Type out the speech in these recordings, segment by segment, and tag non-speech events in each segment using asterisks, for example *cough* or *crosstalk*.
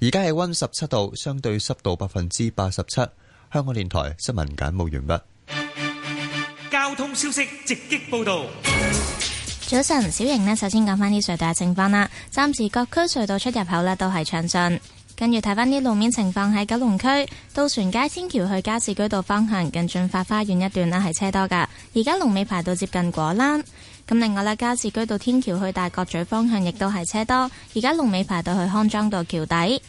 而家係溫十七度，相對濕度百分之八十七。香港電台新聞簡報完畢。交通消息直擊報道。早晨，小瑩呢，首先講翻啲隧道嘅情況啦。暫時各區隧道出入口呢都係暢順，跟住睇翻啲路面情況，喺九龍區渡船街天橋去加士居道方向近駿發花園一段呢係車多噶，而家龍尾排到接近果欄。咁另外呢，加士居道天橋去大角咀方向亦都係車多，而家龍尾排到去康莊道橋底。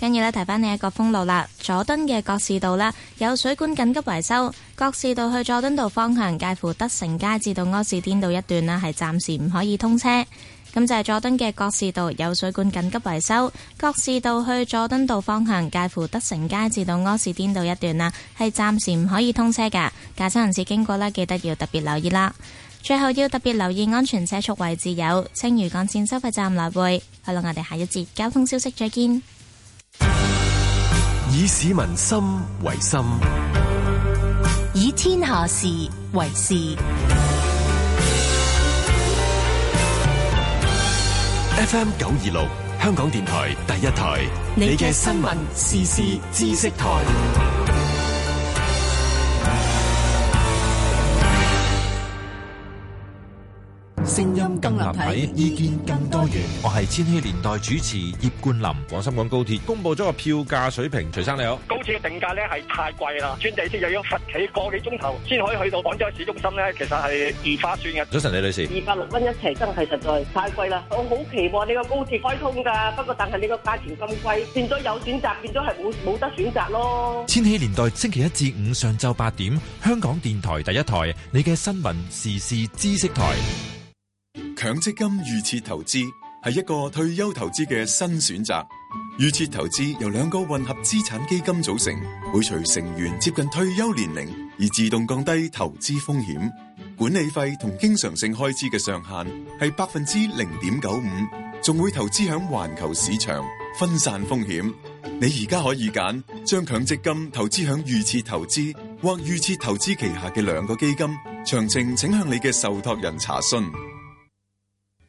跟住呢，提翻你一個封路啦，佐敦嘅覺士道啦，有水管緊急維修。覺士道去佐敦道方向介乎德成街至到柯士甸道一段啦，係暫時唔可以通車。咁就係佐敦嘅覺士道有水管緊急維修，覺士道去佐敦道方向介乎德成街至到柯士甸道一段啦，係暫時唔可以通車㗎。駕駛人士經過啦，記得要特別留意啦。最後要特別留意安全車速位置，有青嶼幹線收費站來會。好啦，我哋下一節交通消息再見。以市民心為心，以天下事為事。FM 九二六，香港電台第一台，你嘅新聞、時事、知識台。聲音更立體，意見更多元。我係千禧年代主持葉冠霖。廣深港高鐵公布咗個票價水平。徐生你好，高鐵嘅定價咧係太貴啦，轉地鐵又要罰企個幾鐘頭，先可以去到廣州市中心咧，其實係唔化算嘅。早晨李女士，二百六蚊一程真係實在太貴啦。我好期望你個高鐵開通噶，不過但係你個價錢咁貴，變咗有選擇，變咗係冇冇得選擇咯。千禧年代星期一至五上晝八點，香港電台第一台，你嘅新聞時事知識台。強積金預設投資係一個退休投資嘅新選擇。預設投資由兩個混合資產基金組成，會隨成員接近退休年齡而自動降低投資風險。管理費同經常性開支嘅上限係百分之零點九五，仲會投資響環球市場，分散風險。你而家可以揀將強積金投資響預設投資，或預設投資旗下嘅兩個基金。詳情請向你嘅受託人查詢。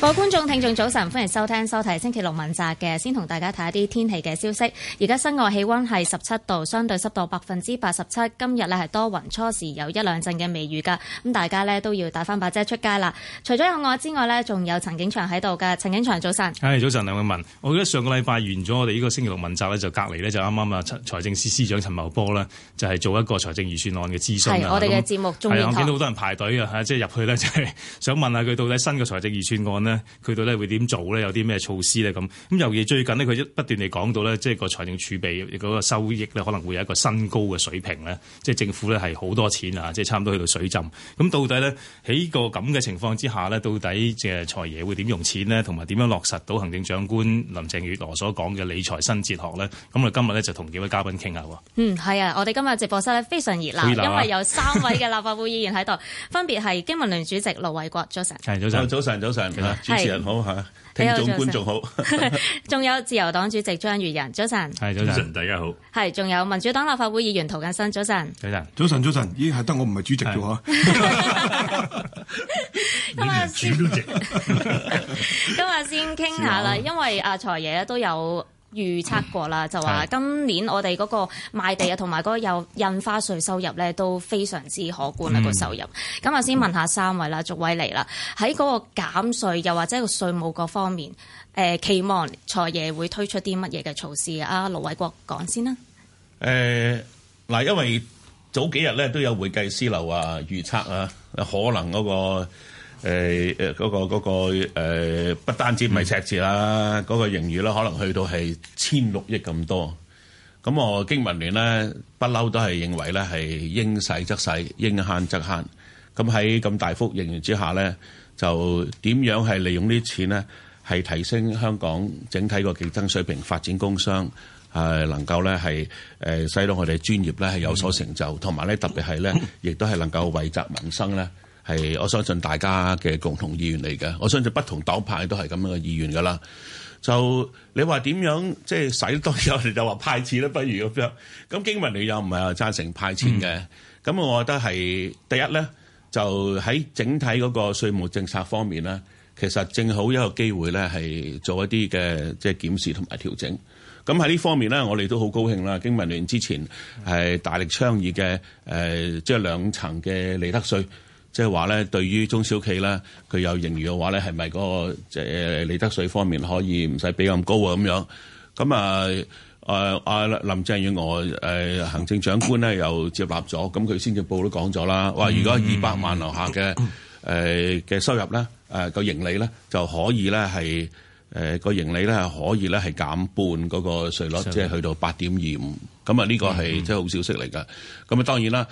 各位觀眾、聽眾，早晨！歡迎收聽、收睇星期六問責嘅，先同大家睇一啲天氣嘅消息。而家室外氣温係十七度，相對濕度百分之八十七。今日呢係多雲，初時有一兩陣嘅微雨㗎。咁大家呢都要帶翻把遮出街啦。除咗有我之外呢，仲有陳景祥喺度㗎。陳景祥，早晨。誒，早晨，林詠雯。我記得上個禮拜完咗我哋呢個星期六問責呢，就隔離呢就啱啱啊財政司司長陳茂波呢，就係、是、做一個財政預算案嘅諮詢我哋嘅節目中有，見到好多人排隊啊即係入去呢，就係、是、想問下佢到底新嘅財政預算案咧。佢到底會點做咧？有啲咩措施咧？咁咁尤其最近呢，佢不斷地講到咧，即係個財政儲備嗰個收益咧，可能會有一個新高嘅水平咧。即係政府咧係好多錢啊！即係差唔多去到水浸。咁到底咧喺個咁嘅情況之下咧，到底即係財爺會點用錢呢？同埋點樣落實到行政長官林鄭月娥所講嘅理財新哲學咧？咁我哋今日咧就同幾位嘉賓傾下。嗯，係啊，我哋今日直播室咧非常熱鬧， *laughs* 因為有三位嘅立法會議員喺度，分別係經民聯主席盧偉國，早晨、嗯。早晨，早晨，早晨。嗯主持人好吓，是聽眾觀眾好，仲 *laughs* 有自由黨主席張宇人，早晨，係早晨安，大家好，係仲有民主黨立法會議員涂謹申，早晨安，早晨，早晨，早晨，咦，係得我唔係主席啫嗬，是 *laughs* *laughs* 今日主席， *laughs* 今日先傾下啦，試試因為阿財爺都有。預測過啦，就話今年我哋嗰個賣地啊，同埋嗰個有印花稅收入咧都非常之可觀呢、嗯、個收入。咁啊，我先問下三位啦，續位嚟啦，喺嗰個減稅又或者個稅務各方面，誒、呃、期望財爺會推出啲乜嘢嘅措施啊？盧偉國講先啦。嗱、欸，因為早幾日咧都有會計師樓啊預測啊，可能嗰、那個。誒嗰、呃那個嗰、那個、呃、不單止唔係赤字啦，嗰、嗯、個盈餘啦，可能去到係千六億咁多。咁我經民聯呢，不嬲都係認為咧係應使則使，應慳則慳。咁喺咁大幅盈餘之下咧，就點樣係利用呢啲錢呢？係提升香港整體個競爭水平，發展工商，啊、能夠咧係誒使到我哋專業咧係有所成就，同埋咧特別係咧，亦都係能夠惠澤民生咧。係，是我相信大家嘅共同意願嚟嘅。我相信不同黨派都係咁樣嘅意願噶啦。就你話點樣，即係使多然有人就話派錢啦，不如咁樣。咁經民聯又唔係話贊成派錢嘅，咁、嗯、我覺得係第一咧，就喺整體嗰個稅務政策方面咧，其實正好一個機會咧，係做一啲嘅即係檢視同埋調整。咁喺呢方面咧，我哋都好高興啦。經民聯之前係大力倡議嘅，誒即係兩層嘅利得稅。即係話咧，對於中小企咧，佢有盈餘嘅話咧，係咪嗰個即係利得稅方面可以唔使俾咁高啊？咁樣咁啊，誒阿林鄭月娥誒行政長官咧又接納咗，咁佢先至報都講咗啦，話、嗯、如果二百萬樓下嘅誒嘅收入咧，誒個盈利咧就可以咧係誒個盈利咧可以咧係減半嗰個稅率，即係入去到八點二五，咁啊呢個係即係好消息嚟㗎。咁啊當然啦。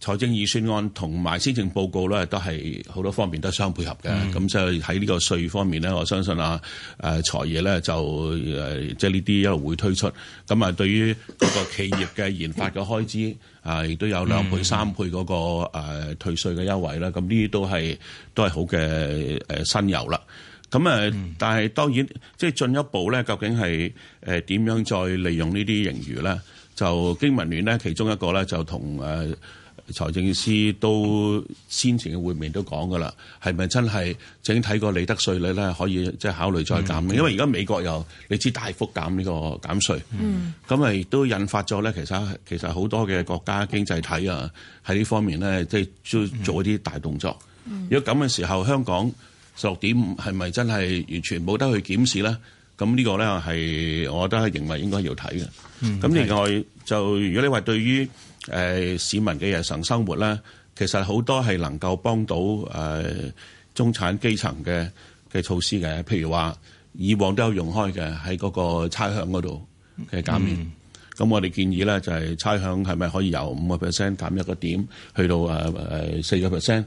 財政預算案同埋施政報告咧，都係好多方面都相配合嘅。咁、嗯、就喺呢個稅方面咧，我相信啊，誒、啊、財爺咧就誒即係呢啲一路會推出。咁啊，對於個企業嘅研發嘅開支啊，亦都有兩倍、嗯、三倍嗰、那個、啊、退稅嘅優惠啦。咁呢啲都係都係好嘅誒、啊、新油啦。咁、啊嗯、但係當然即係進一步咧，究竟係誒點樣再利用呢啲盈餘咧？就經民聯咧，其中一個咧就同誒。啊財政司都先前嘅會面都講㗎啦，係咪真係整體個利得稅率咧可以即係考慮再減？Mm. 因為而家美國又你知大幅減呢個減稅，咁咪亦都引發咗咧其實其實好多嘅國家經濟體啊喺呢方面咧即係做做啲大動作。Mm. 如果咁嘅時候，香港十六點五係咪真係完全冇得去檢視咧？咁呢個咧係我覺得係認為應該要睇嘅。咁、mm. 另外的就如果你話對於誒、呃、市民嘅日常生活咧，其實好多係能夠幫到誒、呃、中產基層嘅嘅措施嘅。譬如話，以往都有用開嘅喺嗰個差餉嗰度嘅減免。咁、嗯、我哋建議咧，就係差餉係咪可以由五個 percent 減一個點，去到誒誒四個 percent。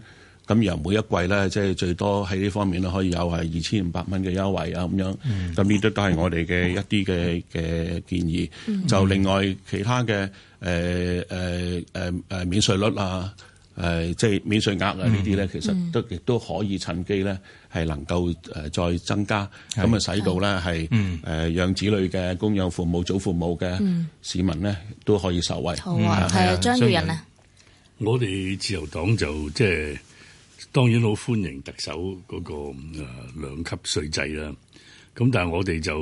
咁、呃、由每一季咧，即係最多喺呢方面咧，可以有係二千五百蚊嘅優惠啊咁樣。咁呢啲都係我哋嘅一啲嘅嘅建議。嗯嗯、就另外其他嘅。誒誒誒誒，免稅率啊，誒、呃、即係免稅額啊，呢啲咧其實都亦都、嗯、可以趁機咧，係能夠誒再增加，咁啊是使到咧係誒養子女嘅、供養父母、祖父母嘅市民咧都可以受惠。好、嗯、啊，係啊，張、啊、宇人咧，我哋自由黨就即係、就是、當然好歡迎特首嗰、那個誒、啊、兩級稅制啦。咁但係我哋就。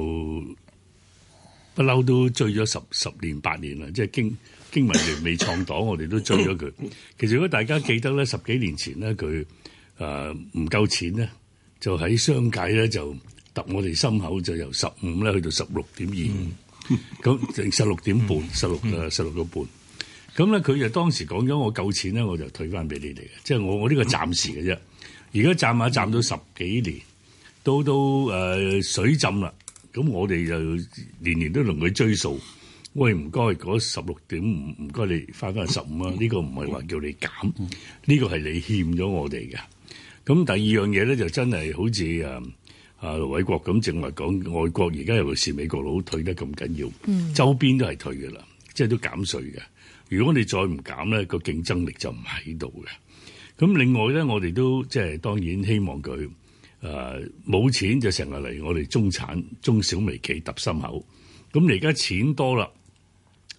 不嬲都追咗十十年八年啦，即係經經民聯未創黨，我哋都追咗佢。其實如果大家記得咧，十幾年前咧，佢誒唔夠錢咧，就喺商界咧就揼我哋心口，就由十五咧去到十六點二五，咁十六點半，十六啊十六個半。咁咧佢就當時講咗我夠錢咧，我就退翻俾你哋嘅。即係我我呢個暫時嘅啫。而家站下站到十幾年，都都誒水浸啦。咁我哋就年年都同佢追數，喂，唔該嗰十六點五唔該你翻翻去十五啦，呢個唔係話叫你減，呢、嗯、個係你欠咗我哋嘅。咁第二樣嘢咧就真係好似啊啊盧偉國咁正話講，外國而家尤其是美國佬退得咁緊要，周邊都係退㗎啦，即係都減稅嘅。如果你再唔減咧，個競爭力就唔喺度嘅。咁另外咧，我哋都即係當然希望佢。誒冇、呃、錢就成日嚟我哋中產中小微企揼心口，咁你而家錢多啦，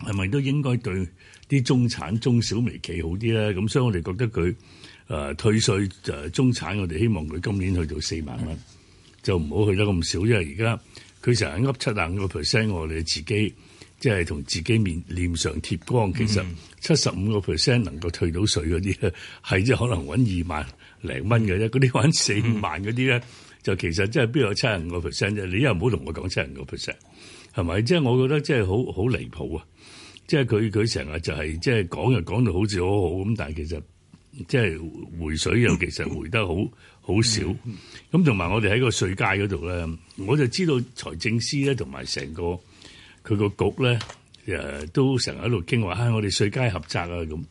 係咪都應該對啲中產中小微企好啲咧？咁所以我哋覺得佢誒、呃、退稅、呃、中產，我哋希望佢今年去到四萬蚊，嗯、就唔好去得咁少，因為而家佢成日噏七啊五個 percent，我哋自己即係同自己面上貼光，嗯嗯其實七十五個 percent 能夠退到稅嗰啲，係即可能揾二萬零蚊嘅啫，嗰啲玩四五萬嗰啲咧，就其實真係邊有七十五個 percent 啫。你又唔好同我講七十五個 percent 係咪？即係、就是、我覺得即係好好離譜啊！即係佢佢成日就係、是、即係講又講到好似好好咁，但係其實即係回水又其實回得好好少。咁同埋我哋喺個稅階嗰度咧，我就知道財政司咧同埋成個佢個局咧都成日喺度傾話。唉，我哋稅階合責啊，咁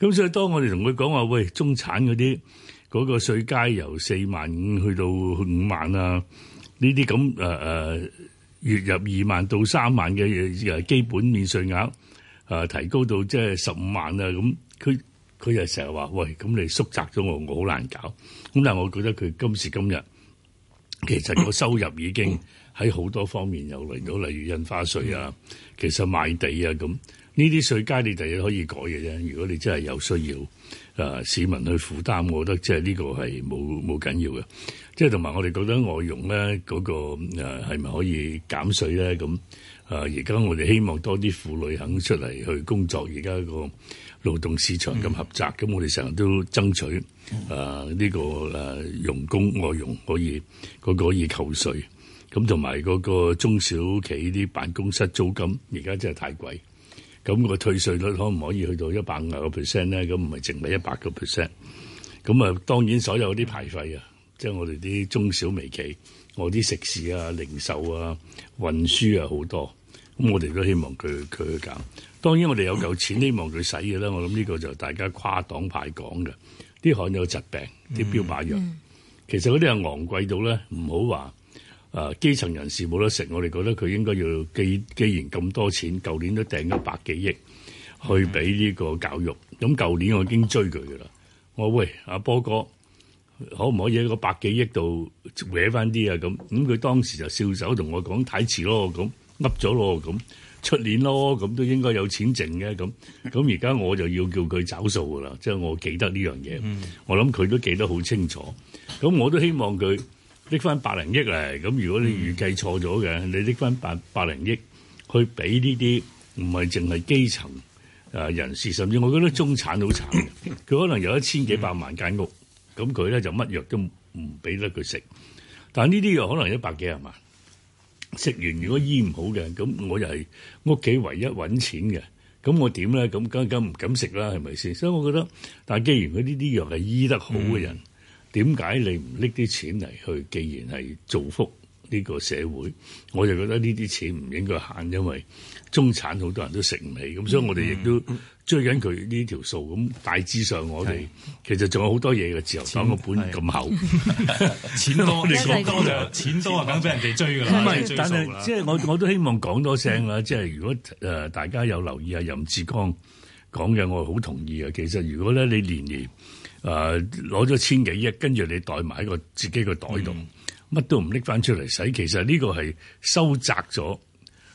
咁所以當我哋同佢講話，喂，中產嗰啲。嗰個稅階由四萬五去到五萬啊！呢啲咁誒月入二萬到三萬嘅基本免稅額，呃，提高到即係十五萬啊！咁佢佢又成日話：喂，咁你縮窄咗我，我好難搞。咁但係我覺得佢今時今日，其實個收入已經喺好多方面有嚟到， *coughs* 例如印花稅啊，其實賣地啊咁呢啲稅階，你第日可以改嘅啫。如果你真係有需要。誒、啊、市民去負擔，我覺得即係呢個係冇冇緊要嘅，即係同埋我哋覺得外傭咧嗰個誒係咪可以減稅咧？咁誒而家我哋希望多啲婦女肯出嚟去工作，而家個勞動市場咁狹窄，咁我哋成日都爭取誒呢、啊呢個誒傭、啊、工外傭可以嗰、嗰個可以扣稅，咁同埋嗰個中小企啲辦公室租金而家真係太貴。咁個退稅率可唔可以去到一百五十個 percent 咧？咁唔係淨係一百個 percent。咁啊，當然所有啲牌費啊，即係我哋啲中小微企，我啲食肆啊、零售啊、運輸啊好多，咁我哋都希望佢佢去減。當然我哋有嚿錢，希望佢使嘅啦。我諗呢個就大家跨黨派講嘅。啲罕有疾病，啲標靶藥、mm hmm. 其實嗰啲係昂貴到咧，唔好話。誒、啊，基層人士冇得食，我哋覺得佢應該要既既然咁多錢，舊年都訂咗百幾億去俾呢個教育，咁舊年我已經追佢噶啦。我喂，阿波哥，可唔可以喺個百幾億度搲翻啲啊？咁咁佢當時就笑手同我講，太遲咯，咁噏咗咯，咁出年咯，咁都應該有錢剩嘅。咁咁而家我就要叫佢找數噶啦，即、就、係、是、我記得呢樣嘢，嗯、我諗佢都記得好清楚。咁我都希望佢。拎翻百零億嚟，咁如果你預計錯咗嘅，嗯、你拎翻百百零億去俾呢啲唔係淨係基層啊、呃、人士，甚至我覺得中產好慘嘅，佢可能有一千幾百萬間屋，咁佢咧就乜藥都唔俾得佢食。但呢啲藥可能有一百幾廿萬，食完如果醫唔好嘅，咁我又係屋企唯一揾錢嘅，咁我點咧？咁梗係唔敢食啦，係咪先？所以我覺得，但既然佢呢啲藥係醫得好嘅人。嗯點解你唔搦啲錢嚟去？既然係造福呢個社會，我就覺得呢啲錢唔應該限，因為中產好多人都食唔起，咁所以我哋亦都追緊佢呢條數。咁大致上，我哋其實仲有好多嘢嘅，自由黨個本咁厚，錢多你講多就，錢多啊，等俾人哋追㗎啦。唔係，但係即係我我都希望講多聲啦。即係如果誒大家有留意阿任志剛講嘅，我好同意啊。其實如果咧，你年年。誒攞咗千幾億，跟住你袋埋喺個自己個袋度，乜、嗯、都唔拎翻出嚟使。其實呢個係收窄咗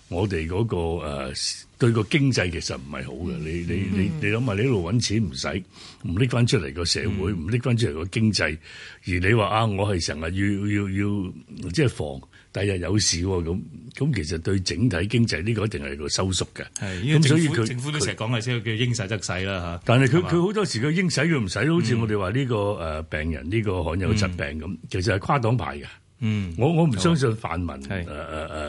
我哋嗰、嗰個誒、啊、對個經濟其實唔係好嘅。你你你你諗下，你一路揾錢唔使，唔拎翻出嚟個社會，唔拎翻出嚟個經濟，嗯、而你話啊，我係成日要要要、要即係防。第日有事喎，咁咁其實對整體經濟呢個一定係個收縮嘅。係，咁所以政府都成日講啊，即係叫應勢得勢應使則使啦吓，但係佢佢好多時佢應使佢唔使，好似我哋話呢個病人呢個罕有疾病咁，其實係跨黨派嘅。嗯，我我唔相信泛民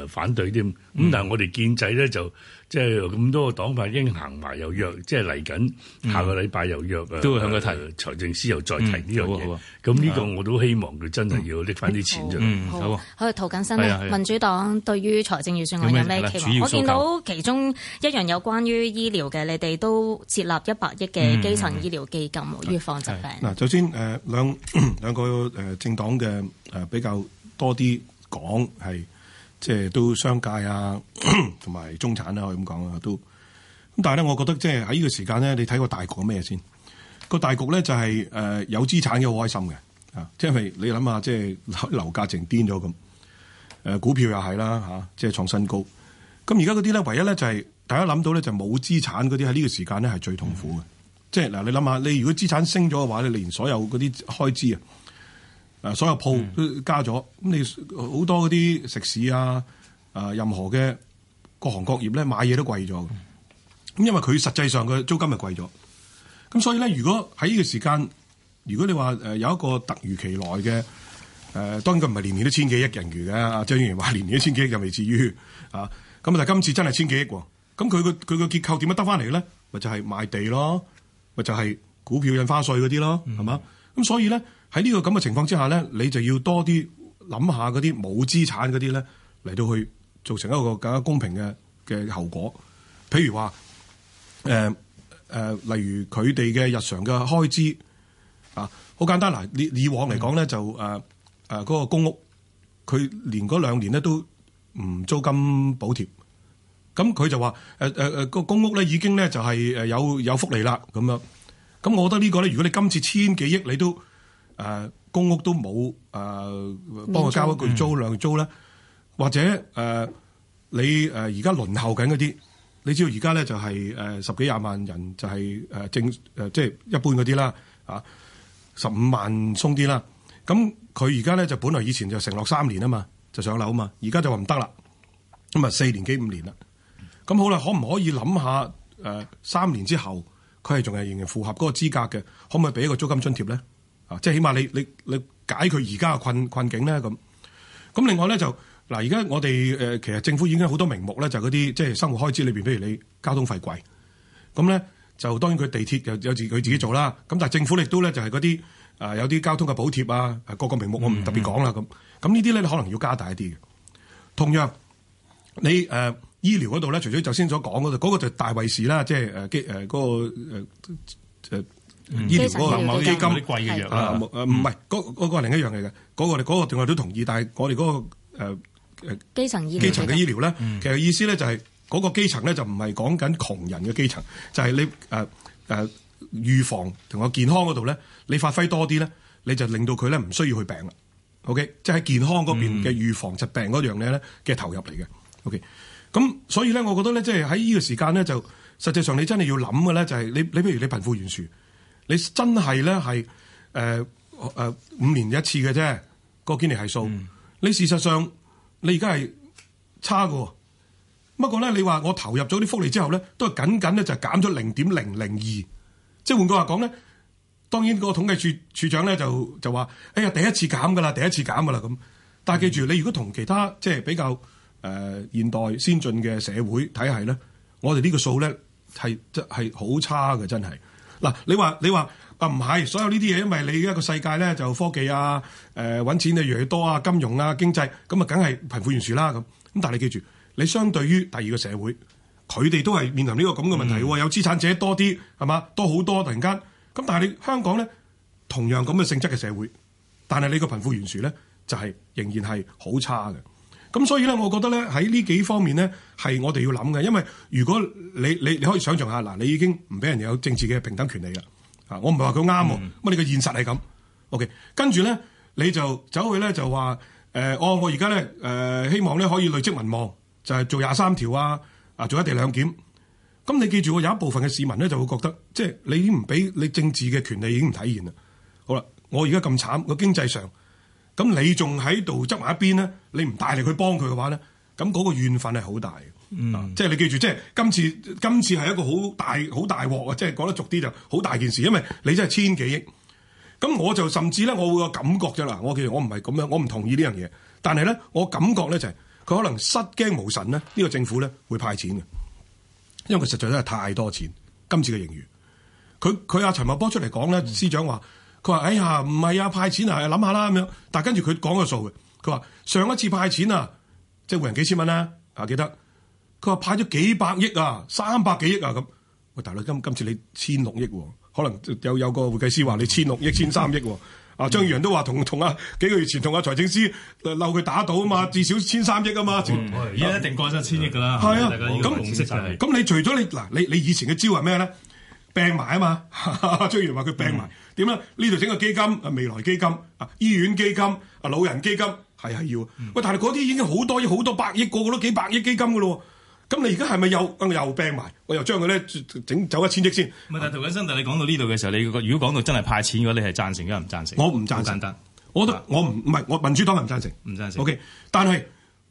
反對添。咁但係我哋建制咧就。即係咁多個黨派應行埋又約，即係嚟緊下個禮拜又約啊！都會、嗯、向佢提，嗯、財政司又再提呢、嗯啊啊、樣嘢。咁呢個我都希望佢真係要拎翻啲錢好，嚟、嗯。好，涂謹申，民主黨對於財政預算案有咩期望？我見到其中一樣有關於醫療嘅，你哋都設立一百億嘅基層醫療基金喎，預防疾病。嗱、嗯，首、啊啊、先誒兩兩個誒政黨嘅誒比較多啲講係。即係都商界啊，同埋中產啦、啊，可以咁講啊都咁。但係咧，我覺得即係喺呢個時間咧，你睇、個大局咩先？個大局咧就係、是、誒、呃、有資產嘅好開心嘅啊，係、就是、你諗下，即係樓價淨癲咗咁，誒、啊、股票又係啦即係、啊就是、創新高。咁而家嗰啲咧，唯一咧就係、是、大家諗到咧就冇資產嗰啲喺呢個時間咧係最痛苦嘅。即係嗱，你諗下，你如果資產升咗嘅話你連所有嗰啲開支啊～所有鋪都加咗，咁、嗯、你好多嗰啲食肆啊、呃，任何嘅各行各業咧買嘢都貴咗，咁、嗯、因為佢實際上嘅租金係貴咗，咁所以咧如果喺呢個時間，如果你話有一個突如其來嘅誒、呃，當然佢唔係年年都千幾億盈餘嘅，阿張宇人話年年都千幾億就未至於啊，咁但今次真係千幾億喎、哦，咁佢個佢個結構點樣得返嚟咧？咪就係、是、賣地咯，咪就係、是、股票印花稅嗰啲咯，係嘛、嗯？咁所以咧。喺呢個咁嘅情況之下咧，你就要多啲諗下嗰啲冇資產嗰啲咧嚟到去造成一個更加公平嘅嘅後果。譬如話，誒、呃、誒、呃，例如佢哋嘅日常嘅開支啊，好簡單嗱。以以往嚟講咧，就誒誒嗰個公屋，佢連嗰兩年咧都唔租金補貼。咁佢就話誒誒誒個公屋咧已經咧就係、係、誒有有福利啦咁樣。咁我覺得呢個呢個咧，如果你今次千幾億你都，誒、呃，公屋都冇誒，幫、呃、我交一個租兩租咧，嗯、或者誒、呃，你誒而家輪候緊嗰啲，你知道而家咧就係、是、誒、呃、十幾廿萬人就係、是、誒、呃、正誒、呃，即係一般嗰啲啦啊，十五萬鬆啲啦。咁佢而家咧就本來以前就承諾三年啊嘛，就上樓啊嘛，而家就話唔得啦，咁、就、啊、是、四年幾五年啦。咁好啦，可唔可以諗下誒三年之後佢係仲係仍然符合嗰個資格嘅，可唔可以俾一個租金津貼咧？啊！即係起碼你你你解決而家嘅困困境咧。咁。咁另外咧就，嗱，而家我哋誒、呃、其實政府已經好多名目咧，就嗰啲即係生活開支裏面，譬如你交通費貴，咁咧就當然佢地鐵又有，有自佢自己做啦。咁但係政府亦都咧就係嗰啲啊有啲交通嘅補貼啊，各個名目我唔特別講啦咁。咁、嗯嗯、呢啲咧可能要加大一啲嘅。同樣，你誒、呃、醫療嗰度咧，除咗頭先所講嗰度，嗰、嗰個就大衛士啦，即係誒機誒嗰個、呃醫療嗰、那個某基，基金係誒，唔係嗰個係另一樣嚟嘅。嗰、那個我我、那個、都同意。但係我哋嗰、那個誒誒、呃、基層基層嘅醫療咧，嗯、其實意思咧就係嗰個基層咧就唔係講緊窮人嘅基層，就係、是、你誒誒預防同個健康嗰度咧，你發揮多啲咧，你就令到佢咧唔需要去病啦。O K，即係喺健康嗰邊嘅預防疾、嗯、病嗰樣嘢咧嘅投入嚟嘅。O K，咁所以咧，我覺得咧，即係喺呢個時間咧，就實際上你真係要諗嘅咧，就係你你譬如你貧富懸殊。你真係咧係誒誒五年一次嘅啫，個堅尼係數。嗯、你事實上你而家係差嘅。不過咧，你話我投入咗啲福利之後咧，都係僅僅咧就減咗零點零零二。即係換句話講咧，當然個統計處處長咧就就話：哎呀，第一次減㗎啦，第一次減㗎啦咁。但係記住，你如果同其他即係比較誒、呃、現代先進嘅社會體系咧，我哋呢個數咧係即係好差嘅，真係。嗱，你話你話啊唔係，所有呢啲嘢，因為你呢個世界咧就科技啊，誒、呃、揾錢就越多啊，金融啊經濟，咁啊梗係貧富懸殊啦咁。咁但係你記住，你相對於第二個社會，佢哋都係面臨呢個咁嘅問題喎，嗯、有資產者多啲係咪，多好多突然間。咁但係你香港咧，同樣咁嘅性質嘅社會，但係你個貧富懸殊咧，就係、是、仍然係好差嘅。咁所以咧，我覺得咧，喺呢在幾方面咧係我哋要諗嘅，因為如果你你你可以想象下嗱，你已經唔俾人哋有政治嘅平等權利啦。啊，我唔係話佢啱，乜、嗯、你嘅現實係咁。O.K.，跟住咧你就走去咧就話誒，哦、呃，我而家咧誒希望咧可以累積民望，就係、是、做廿三條啊，啊做一地兩檢。咁你記住，我有一部分嘅市民咧就會覺得，即、就、係、是、你已經唔俾你政治嘅權利已經唔體現啦。好啦，我而家咁慘，個經濟上。咁你仲喺度執埋一邊咧？你唔帶力去幫佢嘅話咧，咁嗰個怨憤係好大嘅。嗯，即係你記住，即係今次今次係一個好大好大鑊啊！即係講得俗啲就好大件事，因為你真係千幾億。咁我就甚至咧，我會有感覺啫啦。我其實我唔係咁樣，我唔同意呢樣嘢。但係咧，我感覺咧就係佢可能失驚無神咧。呢個政府咧會派錢嘅，因為佢實在真係太多錢。今次嘅盈餘，佢佢阿陳茂波出嚟講咧，司長話。佢話：哎呀，唔係啊，派錢啊，諗下啦咁樣。但係跟住佢講個數嘅，佢話上一次派錢啊，即係每人幾千蚊啦、啊，啊記得。佢話派咗幾百億啊，三百幾億啊咁。喂、哎、大佬，今今次你千六億喎、啊，可能有有個會計師話你千六億，嗯、千三億喎、啊。啊張宇人都話同同啊幾個月前同阿財政司鬧佢打賭啊嘛，至少千三億啊嘛，而家、嗯嗯、一定過咗千億噶啦。係啊，咁咁，你除咗你嗱，你你以前嘅招係咩咧？病埋啊嘛，張宇人話佢病埋，點咧、嗯？樣，呢度整個基金啊，未來基金啊，醫院基金啊，老人基金係係要，喂、嗯，但係嗰啲已經好多億，好多百億，個個都幾百億基金噶咯，咁你而家係咪又又病埋？我又將佢咧整走一千億先？嗯、但係涂謹申，但係你講到呢度嘅時候，你如果講到真係派錢嘅話，你係贊成嘅，唔贊成？我唔贊成，簡單，我都我唔唔係我民主黨唔贊成，唔贊成。OK，但係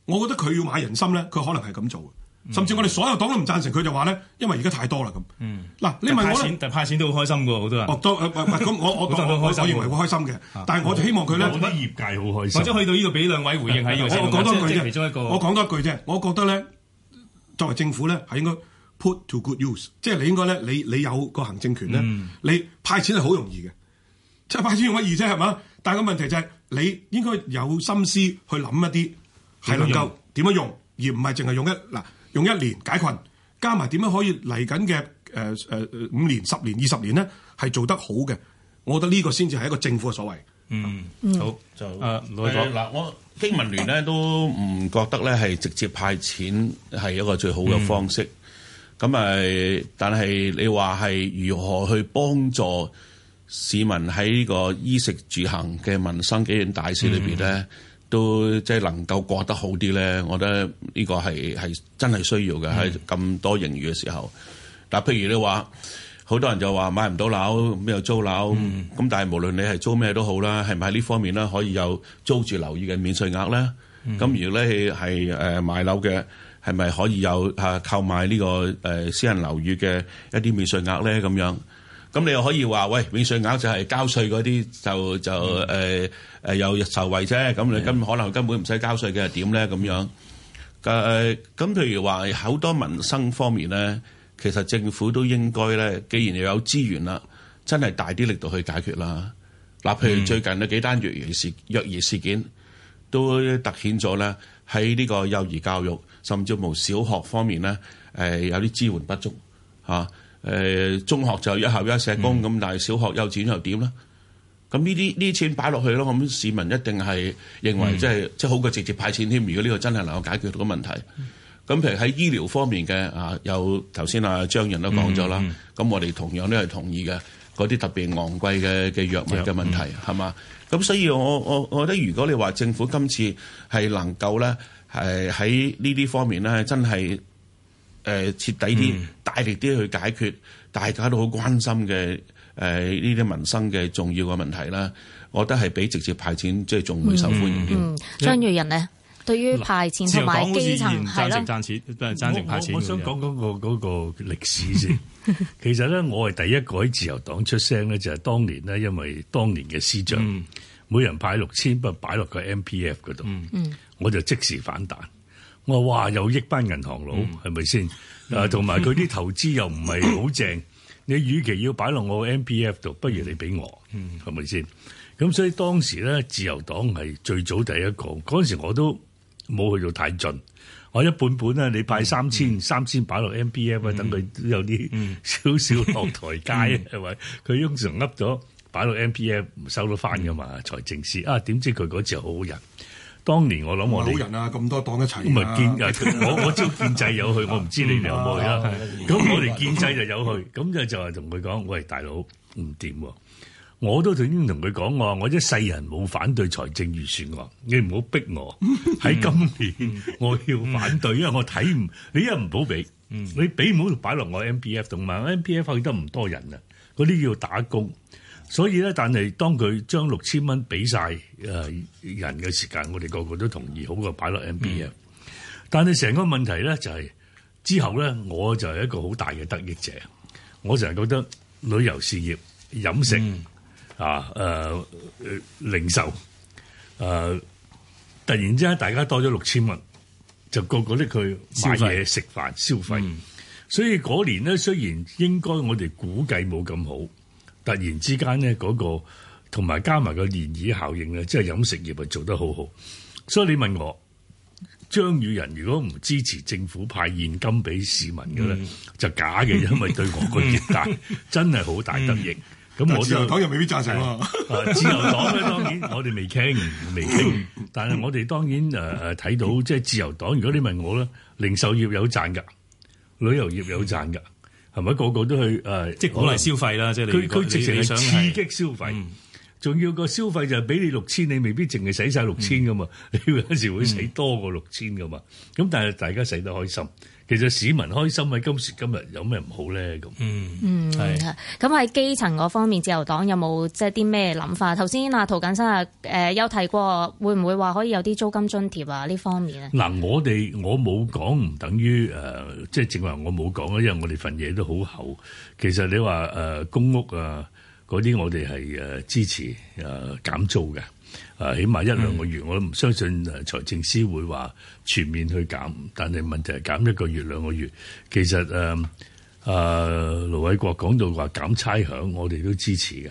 我覺得佢要買人心咧，佢可能係咁做。甚至我哋所有黨都唔贊成佢就話咧，因為而家太多啦咁。嗱，你問我咧派錢都派錢都好開心噶，好多人。都咁，我我我認為會開心嘅，但係我就希望佢咧。有啲業界好開心。或者去到呢度俾兩位回應喺呢個時候，我講多一句啫。我講多一句啫，我覺得咧作為政府咧係應該 put to good use，即係你應該咧，你你有個行政權咧，你派錢係好容易嘅，即係派錢用乜二啫，係嘛？但係個問題就係你應該有心思去諗一啲係能夠點樣用，而唔係淨係用一嗱。用一年解困，加埋點樣可以嚟緊嘅誒誒五年、十年、二十年咧，係做得好嘅。我覺得呢個先至係一個政府嘅所謂。嗯，嗯好，就係嗱，我經民聯咧都唔覺得咧係直接派錢係一個最好嘅方式。咁誒、嗯，但係你話係如何去幫助市民喺呢個衣食住行嘅民生幾件大事裏邊咧？嗯都即係能夠過得好啲咧，我覺得呢個係係真係需要嘅喺咁多盈餘嘅時候。嗱，譬如你話，好多人就話買唔到樓，咁又租樓，咁、嗯、但係無論你係租咩都好啦，係咪喺呢方面啦，可以有租住樓宇嘅免稅額咧？咁如果咧係誒買樓嘅，係咪可以有嚇購買呢個誒私人樓宇嘅一啲免稅額咧？咁樣？咁你又可以話喂，免稅額就係交稅嗰啲就就誒有、嗯呃呃、受惠啫。咁你根本、嗯、可能根本唔使交稅嘅又點咧？咁樣咁，呃、譬如話好多民生方面咧，其實政府都應該咧，既然要有資源啦，真係大啲力度去解決啦。嗱、嗯，譬如最近呢幾單虐兒事虐兒事件，都突顯咗咧喺呢個幼兒教育，甚至乎小學方面咧、呃，有啲支援不足、啊誒中學就一校一社工咁，但係小學有、嗯、錢又點咧？咁呢啲呢啲錢擺落去咯，咁市民一定係認為即係即係好過直接派錢添。如果呢個真係能夠解決到個問題，咁、嗯、譬如喺醫療方面嘅啊，有頭先啊張宇人都講咗啦，咁、嗯嗯、我哋同樣都係同意嘅嗰啲特別昂貴嘅嘅藥物嘅問題係嘛？咁、嗯、所以我我我覺得如果你話政府今次係能夠咧，係喺呢啲方面咧真係。誒徹底啲，大力啲去解決、嗯、大家都好關心嘅誒呢啲民生嘅重要嘅問題啦，嗯、我覺得係比直接派錢即係仲會受歡迎啲。嗯嗯嗯、張宇人呢，對於派錢同埋基層贊成贊錢，贊成了派錢。我想講嗰、那個嗰、那個、歷史先。 *laughs* 其實咧，我係第一個喺自由黨出聲咧，就係、是、當年呢，因為當年嘅司長每人派六千，不過擺落個 M P F 嗰度，嗯、我就即時反彈。我話、哦：益又班銀行佬，係咪、嗯、先？同埋佢啲投資又唔係好正。嗯、你與其要擺落我 MPF 度，不如你俾我，係咪、嗯、先？咁所以當時咧，自由黨係最早第一個。嗰陣時我都冇去到太盡，我一半半咧，你派三千三千擺落 MPF，等佢、嗯、有啲、嗯、少少落台階。係咪、嗯？佢通常噏咗擺落 MPF 唔收得翻噶嘛？嗯、財政司啊，點知佢嗰次好好人。當年我諗我哋冇人啊，咁多黨一齊。唔係建，我我朝建制有去，我唔知你哋有冇呀。咁我哋建制就有去，咁就就係同佢講，喂，大佬唔掂。我都曾經同佢講，我話我一世人冇反對財政預算案，你唔好逼我。喺今年我要反對啊！因為我睇唔你一唔好俾，你俾唔好擺落我 M P F 度嘛？M P F 發得唔多人啊，嗰啲叫打工所以咧，但係當佢將六千蚊俾晒誒人嘅時間，我哋個個都同意，好過擺落 MPF 啊、嗯。但係成個問題咧，就係、是、之後咧，我就係一個好大嘅得益者。我成日覺得旅遊事業、飲食、嗯、啊、誒、呃呃、零售誒、呃，突然之間大家多咗六千蚊，就個個都去買嘢食飯消費費。消嗯、所以嗰年咧，雖然應該我哋估計冇咁好。突然之間咧，嗰、那個同埋加埋個漣漪效應咧，即、就、係、是、飲食業係做得好好，所以你問我張宇人如果唔支持政府派現金俾市民嘅咧，嗯、就假嘅，嗯、因為對我個熱帶真係好大得益。咁、嗯、我自由黨又未必贊成自由黨咧當然 *laughs* 我哋未傾未傾， *laughs* 但係我哋當然誒誒睇到即係、就是、自由黨。如果你問我咧，零售業有賺㗎，旅遊業有賺㗎。係咪個個都去誒，可能即係鼓勵消費啦？即係你佢佢直情係刺激消費，仲要個消費就係俾你六千，你未必淨係使晒六千噶嘛，嗯、你有時會使多過六千噶嘛。咁、嗯、但係大家使得開心。其實市民開心，喺今時今日有咩唔好咧？咁、嗯是嗯、係咁，喺基層嗰方面，自由黨有冇即係啲咩諗法？頭先阿涂謹申啊、誒有提過，會唔會話可以有啲租金津貼啊？呢方面咧嗱，我哋我冇講唔等於誒、呃，即係正話我冇講啊，因為我哋份嘢都好厚。其實你話誒、呃、公屋啊嗰啲，我哋係誒支持誒、呃、減租嘅。啊、起碼一兩個月，我唔相信財政司會話全面去減，但係問題係減一個月兩個月，其實誒誒，盧偉國講到話減差餉，我哋都支持嘅，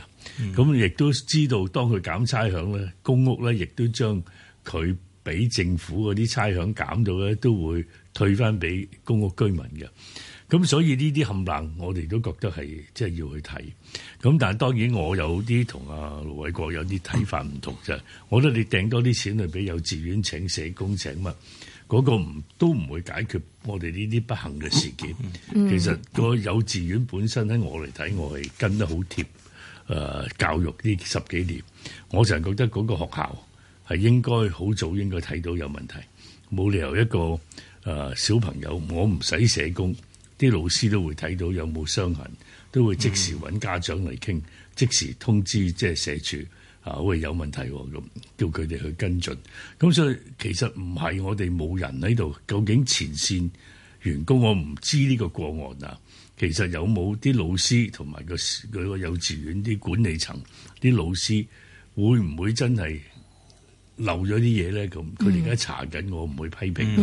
咁亦都知道當佢減差餉咧，公屋咧亦都將佢俾政府嗰啲差餉減到咧，都會退翻俾公屋居民嘅。咁所以呢啲冚冷，我哋都覺得係即係要去睇。咁但係當然我有啲同阿盧偉國有啲睇法唔同啫。我覺得你掟多啲錢去俾幼稚園請社工請乜嗰個唔都唔會解決我哋呢啲不幸嘅事件。其實個幼稚園本身咧，我嚟睇，我係跟得好貼誒教育呢十幾年，我就係覺得嗰個學校係應該好早應該睇到有問題，冇理由一個誒、呃、小朋友我唔使社工。啲老師都會睇到有冇傷痕，都會即時揾家長嚟傾，即時通知即係社署啊，喂，有問題咁，叫佢哋去跟進。咁所以其實唔係我哋冇人喺度，究竟前線員工我唔知呢個個案啊。其實有冇啲老師同埋佢個幼稚園啲管理層啲老師會唔會真係漏咗啲嘢咧？咁佢哋而家查緊，我唔會批評佢。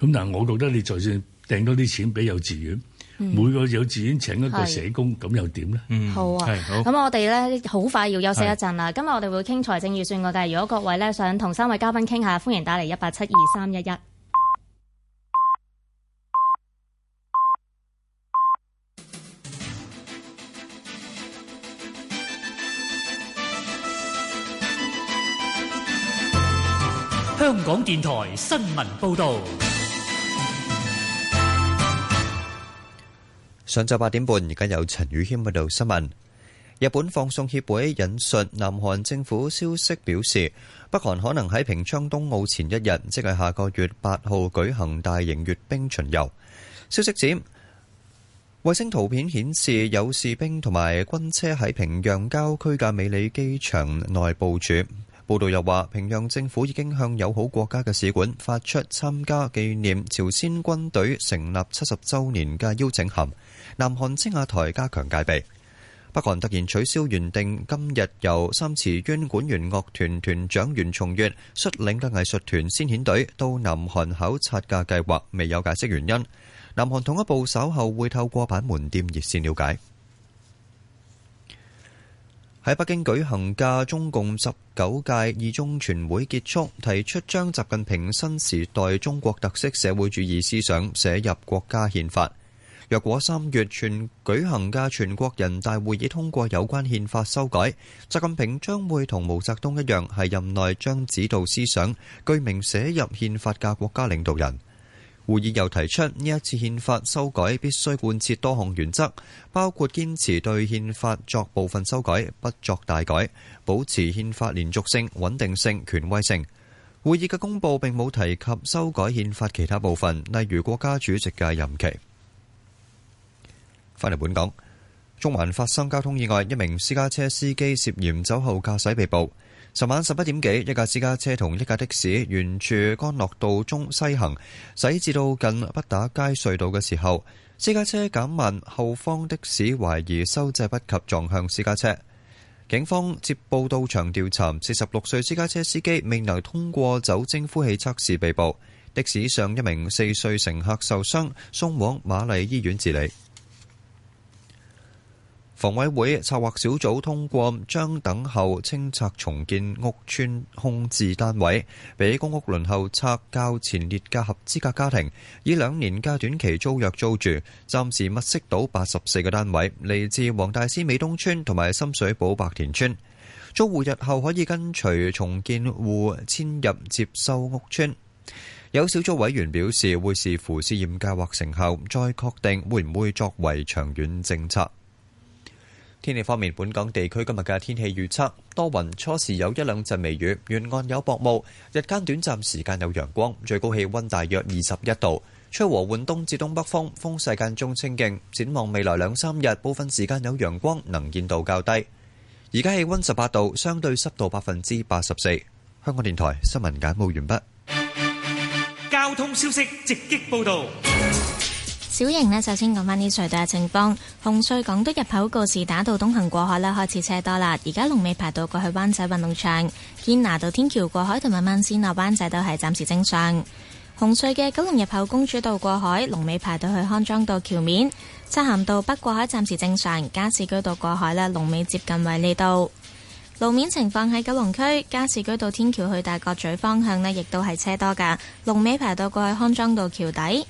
咁但係我覺得你就算，掟多啲錢俾幼稚園，嗯、每個幼稚園請一個社工，咁是又點咧？嗯，好啊，係好。咁我哋咧好快要休息一陣啦。是今日我哋會傾財政預算嘅，如果各位咧想同三位嘉賓傾下，歡迎打嚟一八七二三一一。香港電台新聞報導。上晝八點半，而家有陳宇軒報道新聞。日本放送協會引述南韓政府消息表示，北韓可能喺平昌冬奧前一日，即係下個月八號舉行大型閱兵巡遊。消息指，衛星圖片顯示有士兵同埋軍車喺平壤郊區嘅美里機場內部署。報道又話，平壤政府已經向友好國家嘅使館發出參加紀念朝鮮軍隊成立七十週年嘅邀請函。南韓青瓦台加強戒備，北韓突然取消原定今日由三池冤管弦樂團,團團長袁松月率領嘅藝術團先遣隊到南韓考察嘅計劃，未有解釋原因。南韓統一部稍後會透過版門店熱線了解。喺北京舉行嘅中共十九屆二中全會結束，提出將習近平新時代中國特色社會主義思想寫入國家憲法。若果三月全舉行嘅全國人大會議通過有關憲法修改，習近平將會同毛澤東一樣係任內將指導思想具名寫入憲法嘅國家領導人。會議又提出呢一次憲法修改必須貫徹多項原則，包括堅持對憲法作部分修改，不作大改，保持憲法連續性、穩定性、權威性。會議嘅公佈並冇提及修改憲法其他部分，例如國家主席嘅任期。返嚟本港，中環發生交通意外，一名私家車司機涉嫌酒後駕駛被捕。尋晚十一點幾，一架私家車同一架的士沿住干諾道中西行，駛至到近畢打街隧道嘅時候，私家車減慢，後方的士懷疑收掣不及撞向私家車。警方接報到場調查，四十六歲私家車司機未能通過酒精呼氣測試被捕，的士上一名四歲乘客受傷，送往瑪麗醫院治理。房委會策劃小組通過，將等候清拆重建屋邨空置單位，俾公屋輪候冊較前列嘅合資格家庭，以兩年加短期租約租住。暫時物色到八十四個單位，嚟自黃大仙美東邨同埋深水埗白田邨。租戶，日後可以跟隨重建戶遷入接收屋邨。有小組委員表示，會視乎試驗計劃成效，再確定會唔會作為長遠政策。天氣方面，本港地區今日嘅天氣預測多雲，初時有一兩陣微雨，沿岸有薄霧，日間短暫時間有陽光，最高氣溫大約二十一度，吹和緩東至東北風，風勢間中清勁。展望未來兩三日，部分時間有陽光，能見度較低。而家氣溫十八度，相對濕度百分之八十四。香港電台新聞簡報完畢。交通消息直擊報道。小瑩呢，首先講返啲隧道嘅情況。紅隧港島入口告士打道東行過海呢，開始車多啦。而家龍尾排到過去灣仔運動場。堅拿道天橋過海同埋慢線落灣仔都係暫時正常。紅隧嘅九龍入口公主道過海，龍尾排到去康莊道橋面。漆咸道北過海暫時正常。加士居道過海呢，龍尾接近維尼道。路面情況喺九龍區，加士居道天橋去大角咀方向呢，亦都係車多噶。龍尾排到過去康莊道橋底。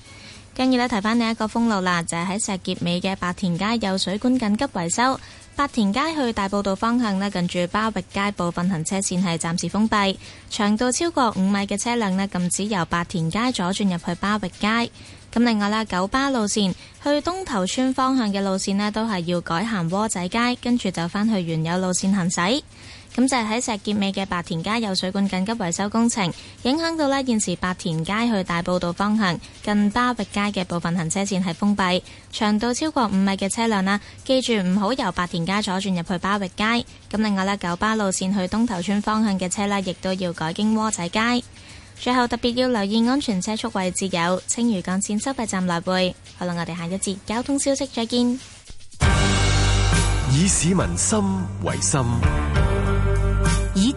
跟住咧，提翻呢一個封路啦，就係、是、喺石硤尾嘅白田街有水管緊急維修。白田街去大埔道方向呢，近住巴域街部分行車線係暫時封閉，長度超過五米嘅車輛呢，禁止由白田街左轉入去巴域街。咁另外啦，九巴路線去東頭村方向嘅路線呢，都係要改行窩仔街，跟住就返去原有路線行駛。咁就係喺石硖尾嘅白田街有水管緊急維修工程，影響到呢現時白田街去大埔道方向近巴域街嘅部分行車線係封閉，長度超過五米嘅車輛啦，記住唔好由白田街左轉入去巴域街。咁另外呢九巴路線去東頭村方向嘅車啦，亦都要改經窩仔街。最後特別要留意安全車速位置有青嶼幹線收費站來回。好啦，我哋下一節交通消息再見。以市民心為心。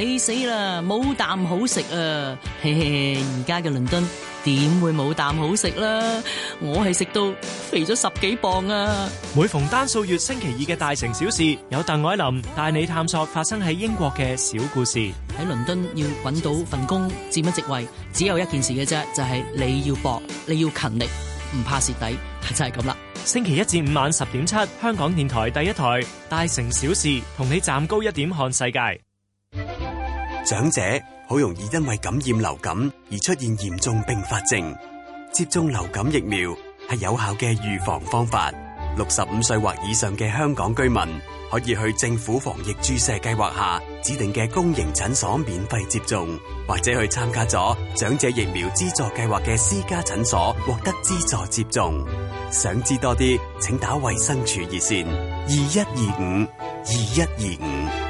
你死啦！冇啖好食啊！嘻嘻，而家嘅倫敦點會冇啖好食啦？我係食到肥咗十幾磅啊！每逢單數月星期二嘅大城小事，有鄧凱林帶你探索發生喺英國嘅小故事。喺倫敦要搵到份工佔乜職位，只有一件事嘅啫，就係你要搏，你要勤力，唔怕蝕底，就係咁啦。星期一至五晚十點七，香港電台第一台《大城小事》，同你站高一點看世界。長者好容易因為感染流感而出現嚴重併發症，接種流感疫苗係有效嘅預防方法。六十五歲或以上嘅香港居民可以去政府防疫注射計劃下指定嘅公營診所免費接種，或者去參加咗長者疫苗資助計劃嘅私家診所獲得資助接種。想知多啲，請打衛生署熱線，二一二五二一二五。21 25, 21 25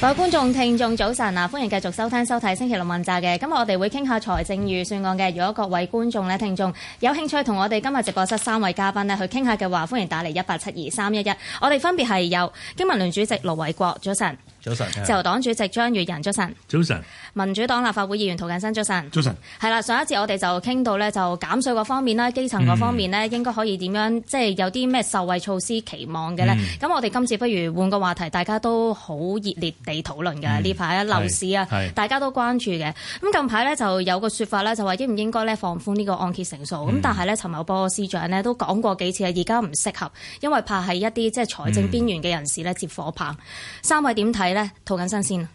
各位觀眾、聽眾早晨啊！歡迎繼續收聽、收睇《星期六問責》嘅今日，我哋會傾下財政預算案嘅。如果各位觀眾咧、聽眾有興趣同我哋今日直播室三位嘉賓咧去傾下嘅話，歡迎打嚟一八七二三一一。我哋分別係由經民聯主席盧偉國早晨。早晨。是自由黨主席張宇人，早晨。早晨上。民主黨立法會議員涂謹申，早晨。早晨上。係啦，上一次我哋就傾到咧，就減稅嗰方面啦，基層嗰方面呢、嗯、應該可以點樣，即係有啲咩受惠措施期望嘅咧。咁、嗯、我哋今次不如換個話題，大家都好熱烈地討論嘅呢排啊，嗯、樓市啊，的大家都關注嘅。咁近排咧就有個說法咧，就話應唔應該咧放寬呢個按揭成數。咁、嗯、但係咧，陳茂波司長呢都講過幾次，而家唔適合，因為怕係一啲即係財政邊緣嘅人士咧接火棒。嗯、三位點睇？咧，套緊新鮮。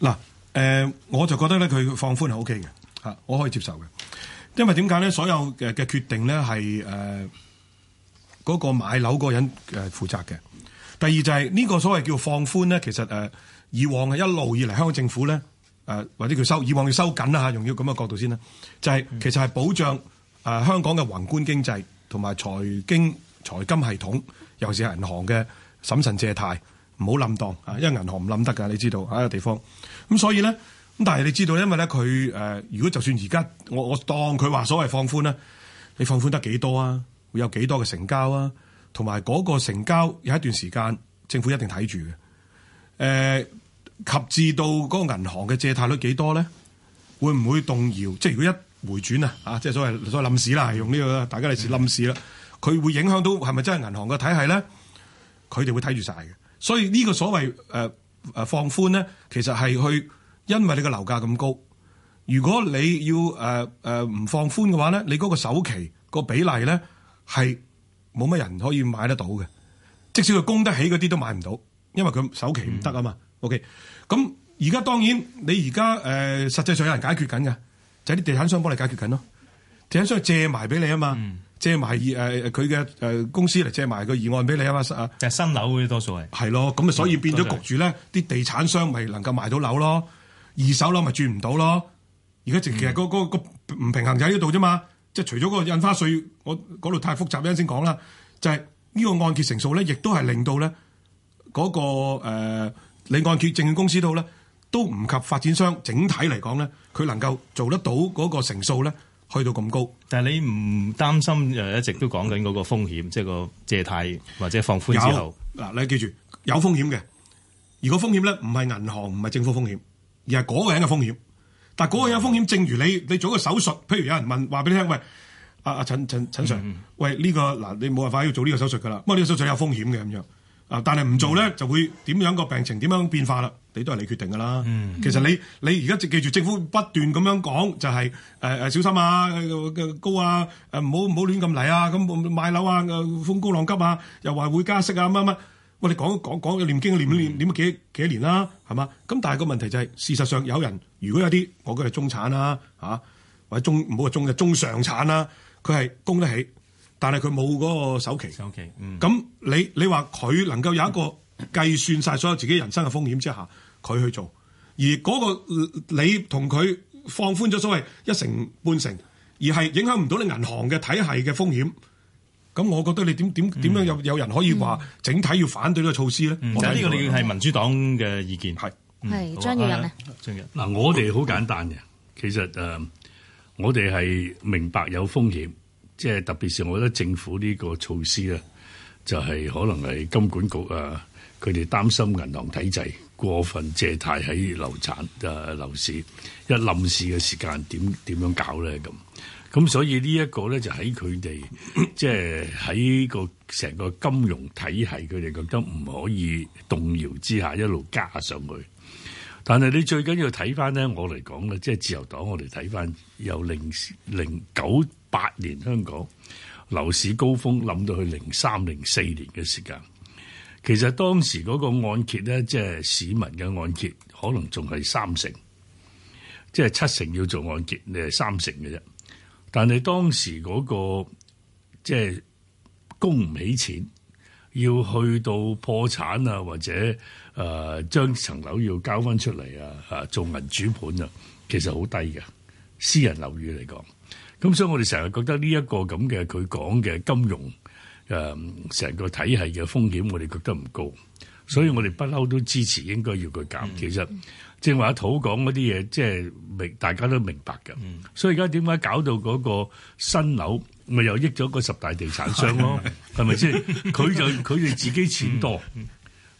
嗱，誒、呃，我就覺得咧，佢放寬係 O K 嘅，吓，我可以接受嘅。因為點解咧？所有嘅嘅決定咧，係誒嗰個買樓嗰個人誒負責嘅。第二就係、是、呢、這個所謂叫放寬咧，其實誒、呃、以往係一路以嚟，香港政府咧誒、呃，或者叫收以往要收緊啦吓，用咗咁嘅角度先啦。就係、是、其實係保障誒、呃、香港嘅宏觀經濟同埋財經財金系統，尤其係銀行嘅審慎借貸。唔好冧檔啊！因為銀行唔冧得噶，你知道喺一個地方。咁所以咧，咁但係你知道，因為咧佢誒，如果就算而家我我當佢話所謂放寬咧，你放寬得幾多啊？會有幾多嘅成交啊？同埋嗰個成交有一段時間，政府一定睇住嘅。誒、呃，及至到嗰個銀行嘅借貸率幾多咧？會唔會動搖？即係如果一回轉啊！即係所謂所謂冧市啦，用呢、這個大家嚟講冧市啦。佢會影響到係咪真係銀行嘅體系咧？佢哋會睇住晒嘅。所以呢個所謂誒、呃、放寬咧，其實係去因為你個樓價咁高，如果你要誒誒唔放寬嘅話咧，你嗰個首期個比例咧係冇乜人可以買得到嘅，即使佢供得起嗰啲都買唔到，因為佢首期唔得啊嘛。嗯、OK，咁而家當然你而家誒實際上有人解決緊嘅，就係啲地產商幫你解決緊咯，地產商借埋俾你啊嘛。嗯嗯借埋誒佢嘅誒公司嚟借埋個二按俾你啊嘛，就係新樓嗰啲多數係係咯，咁啊的所以變咗焗住咧，啲地產商咪能夠賣到樓咯，二手樓咪轉唔到咯。而家直其實嗰、嗰個唔、嗯、平衡就喺呢度啫嘛。即係除咗嗰個印花稅，我嗰度太複雜，一陣先講啦。就係、係、呢個按揭成數咧，亦都係令到咧、嗰、嗰個、呃、你按揭證券公司都咧都唔及發展商整體嚟講咧，佢能夠做得到嗰個成數咧。去到咁高，但係你唔擔心？呃，一直都講緊嗰個風險，即係個借貸或者放寬之後。嗱，你記住有風險嘅。而個風險咧，唔係銀行，唔係政府風險，而係嗰個人嘅風險。但嗰個人嘅風險，正如你你做個手術，譬如有人問話俾你聽，喂，阿、啊、陳陳陳,陳 Sir，嗯嗯喂呢、呢個嗱，你冇辦法要做呢個手術㗎啦。不過呢個手術有風險嘅咁樣。啊，但係唔做咧，就會點樣個病情點樣變化啦？你都係你決定㗎啦。嗯、其實你你而家記記住，政府不斷咁樣講就係誒誒小心啊，呃、高啊，誒唔好唔好亂咁嚟啊，咁買樓啊，風高浪急啊，又話會加息啊，乜乜。我哋講講講念經念咗念念幾幾年啦、啊，係嘛？咁但係個問題就係、是、事實上有人，如果有啲我覺得係中產啦、啊、嚇、啊、或者中唔好話中嘅中上產啦、啊，佢係供得起，但係佢冇嗰個首期。首期，咁、嗯、你你話佢能夠有一個計算晒所有自己人生嘅風險之下？佢去做，而嗰、那個你同佢放寬咗所謂一成半成，而係影響唔到你銀行嘅體系嘅風險。咁，我覺得你點點點樣有、嗯、有人可以話整體要反對呢個措施咧？就呢、嗯、個，你係民主黨嘅意見係係是、嗯、張宇人啊。張宇嗱，我哋好簡單嘅，其實誒，uh, 我哋係明白有風險，即、就、係、是、特別是我覺得政府呢個措施咧，就係、是、可能係金管局啊，佢、uh, 哋擔心銀行體制。過分借貸喺樓產樓、啊、市，一冧市嘅時間點點樣，樣搞咧咁？咁所以呢一、就是、個咧就喺佢哋即係喺個成個金融體系，佢哋覺得唔可以動搖之下一路加上去。但係你最緊要睇翻咧，我嚟講咧，即、就、係、是、自由黨，我哋睇翻由零零九八年香港樓市高峰諗到去零三零四年嘅時間。其實當時嗰個按揭咧，即係市民嘅按揭，可能仲係三成，即係七成要做按揭，你係三成嘅啫。但係當時嗰個即係供唔起錢，要去到破產啊，或者誒將層樓要交翻出嚟啊，啊做銀主盤啊，其實好低嘅，私人樓宇嚟講。咁所以我哋成日覺得呢一個咁嘅佢講嘅金融。誒，成個體系嘅風險，我哋覺得唔高，所以我哋不嬲都支持，應該要佢減。其實正話阿涂講嗰啲嘢，即係明，大家都明白嘅。所以而家點解搞到嗰個新樓，咪又益咗嗰十大地產商咯？係咪先？佢就佢哋自己錢多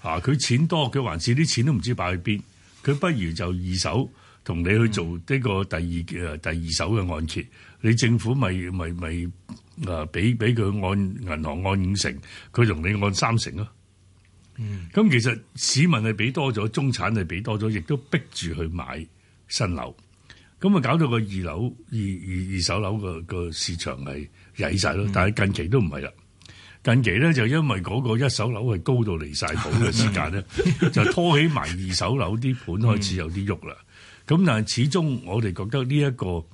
啊，佢錢多，佢還是啲錢都唔知擺去邊，佢不如就二手同你去做呢個第二誒第二手嘅按揭。你政府咪咪咪啊，俾俾佢按銀行按五成，佢同你按三成咯。嗯，咁其實市民係俾多咗，中產係俾多咗，亦都逼住去買新樓。咁啊搞到個二樓二二二手樓個個市場係曳曬咯。但係近期都唔係啦。近期咧就因為嗰個一手樓係高到離曬譜嘅時間咧，就拖起埋二手樓啲盤開始有啲喐啦。咁但係始終我哋覺得呢一個。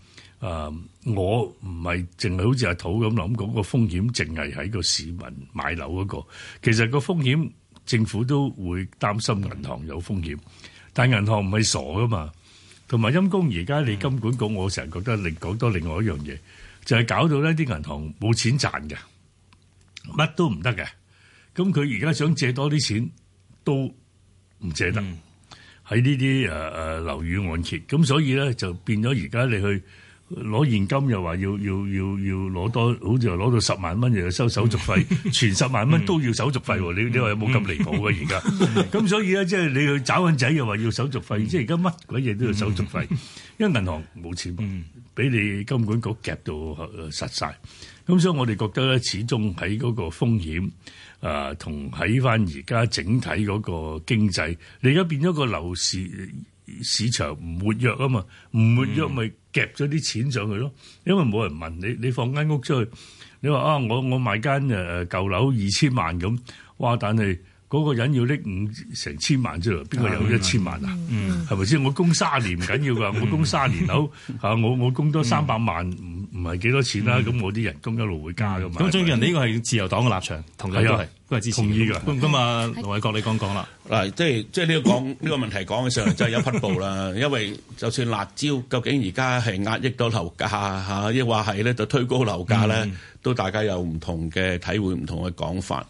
誒，我唔係淨係好似阿涂咁諗，嗰個風險淨係喺個市民買樓嗰個。其實個風險政府都會擔心銀行有風險，但係銀行唔係傻噶嘛。同埋陰公，而家你金管局，我成日覺得你講多另外一樣嘢，就係搞到呢啲銀行冇錢賺嘅，乜都唔得嘅。咁佢而家想借多啲錢都唔借得，喺呢啲誒誒樓宇按揭。咁所以咧就變咗而家你去。攞現金又話要要要要攞多，好似又攞到十萬蚊又收手續費，存 *laughs* 十萬蚊都要手續費喎！你你話有冇咁離譜啊而家？咁所以咧，即係你去找緊仔又話要手續費，即係而家乜鬼嘢都要手續費，因為銀行冇錢，俾 *laughs* 你金管局夾到實晒。咁所以我哋覺得咧，始終喺嗰個風險啊，同喺翻而家整體嗰個經濟，你而家變咗個樓市。市場唔活躍啊嘛，唔活躍咪夾咗啲錢上去咯，因為冇人問你，你放間屋出去，你話啊，我我買間誒舊樓二千萬咁，哇！但係。嗰個人要拎五成千萬啫，邊個有一千萬啊？係咪先？我供三年唔緊要㗎，我供三年樓嚇，我我供多三百萬唔唔係幾多錢啦？咁我啲人工一路會加㗎嘛？咁中以人呢個係自由黨嘅立場，同埋都係都係支持依個。咁啊，盧偉國你講講啦。嗱，即係即係呢個講呢個問題講嘅時候就有一匹布啦。因為就算辣椒，究竟而家係壓抑到樓價嚇，亦或係咧就推高樓價咧？都大家有唔同嘅體會，唔同嘅講法，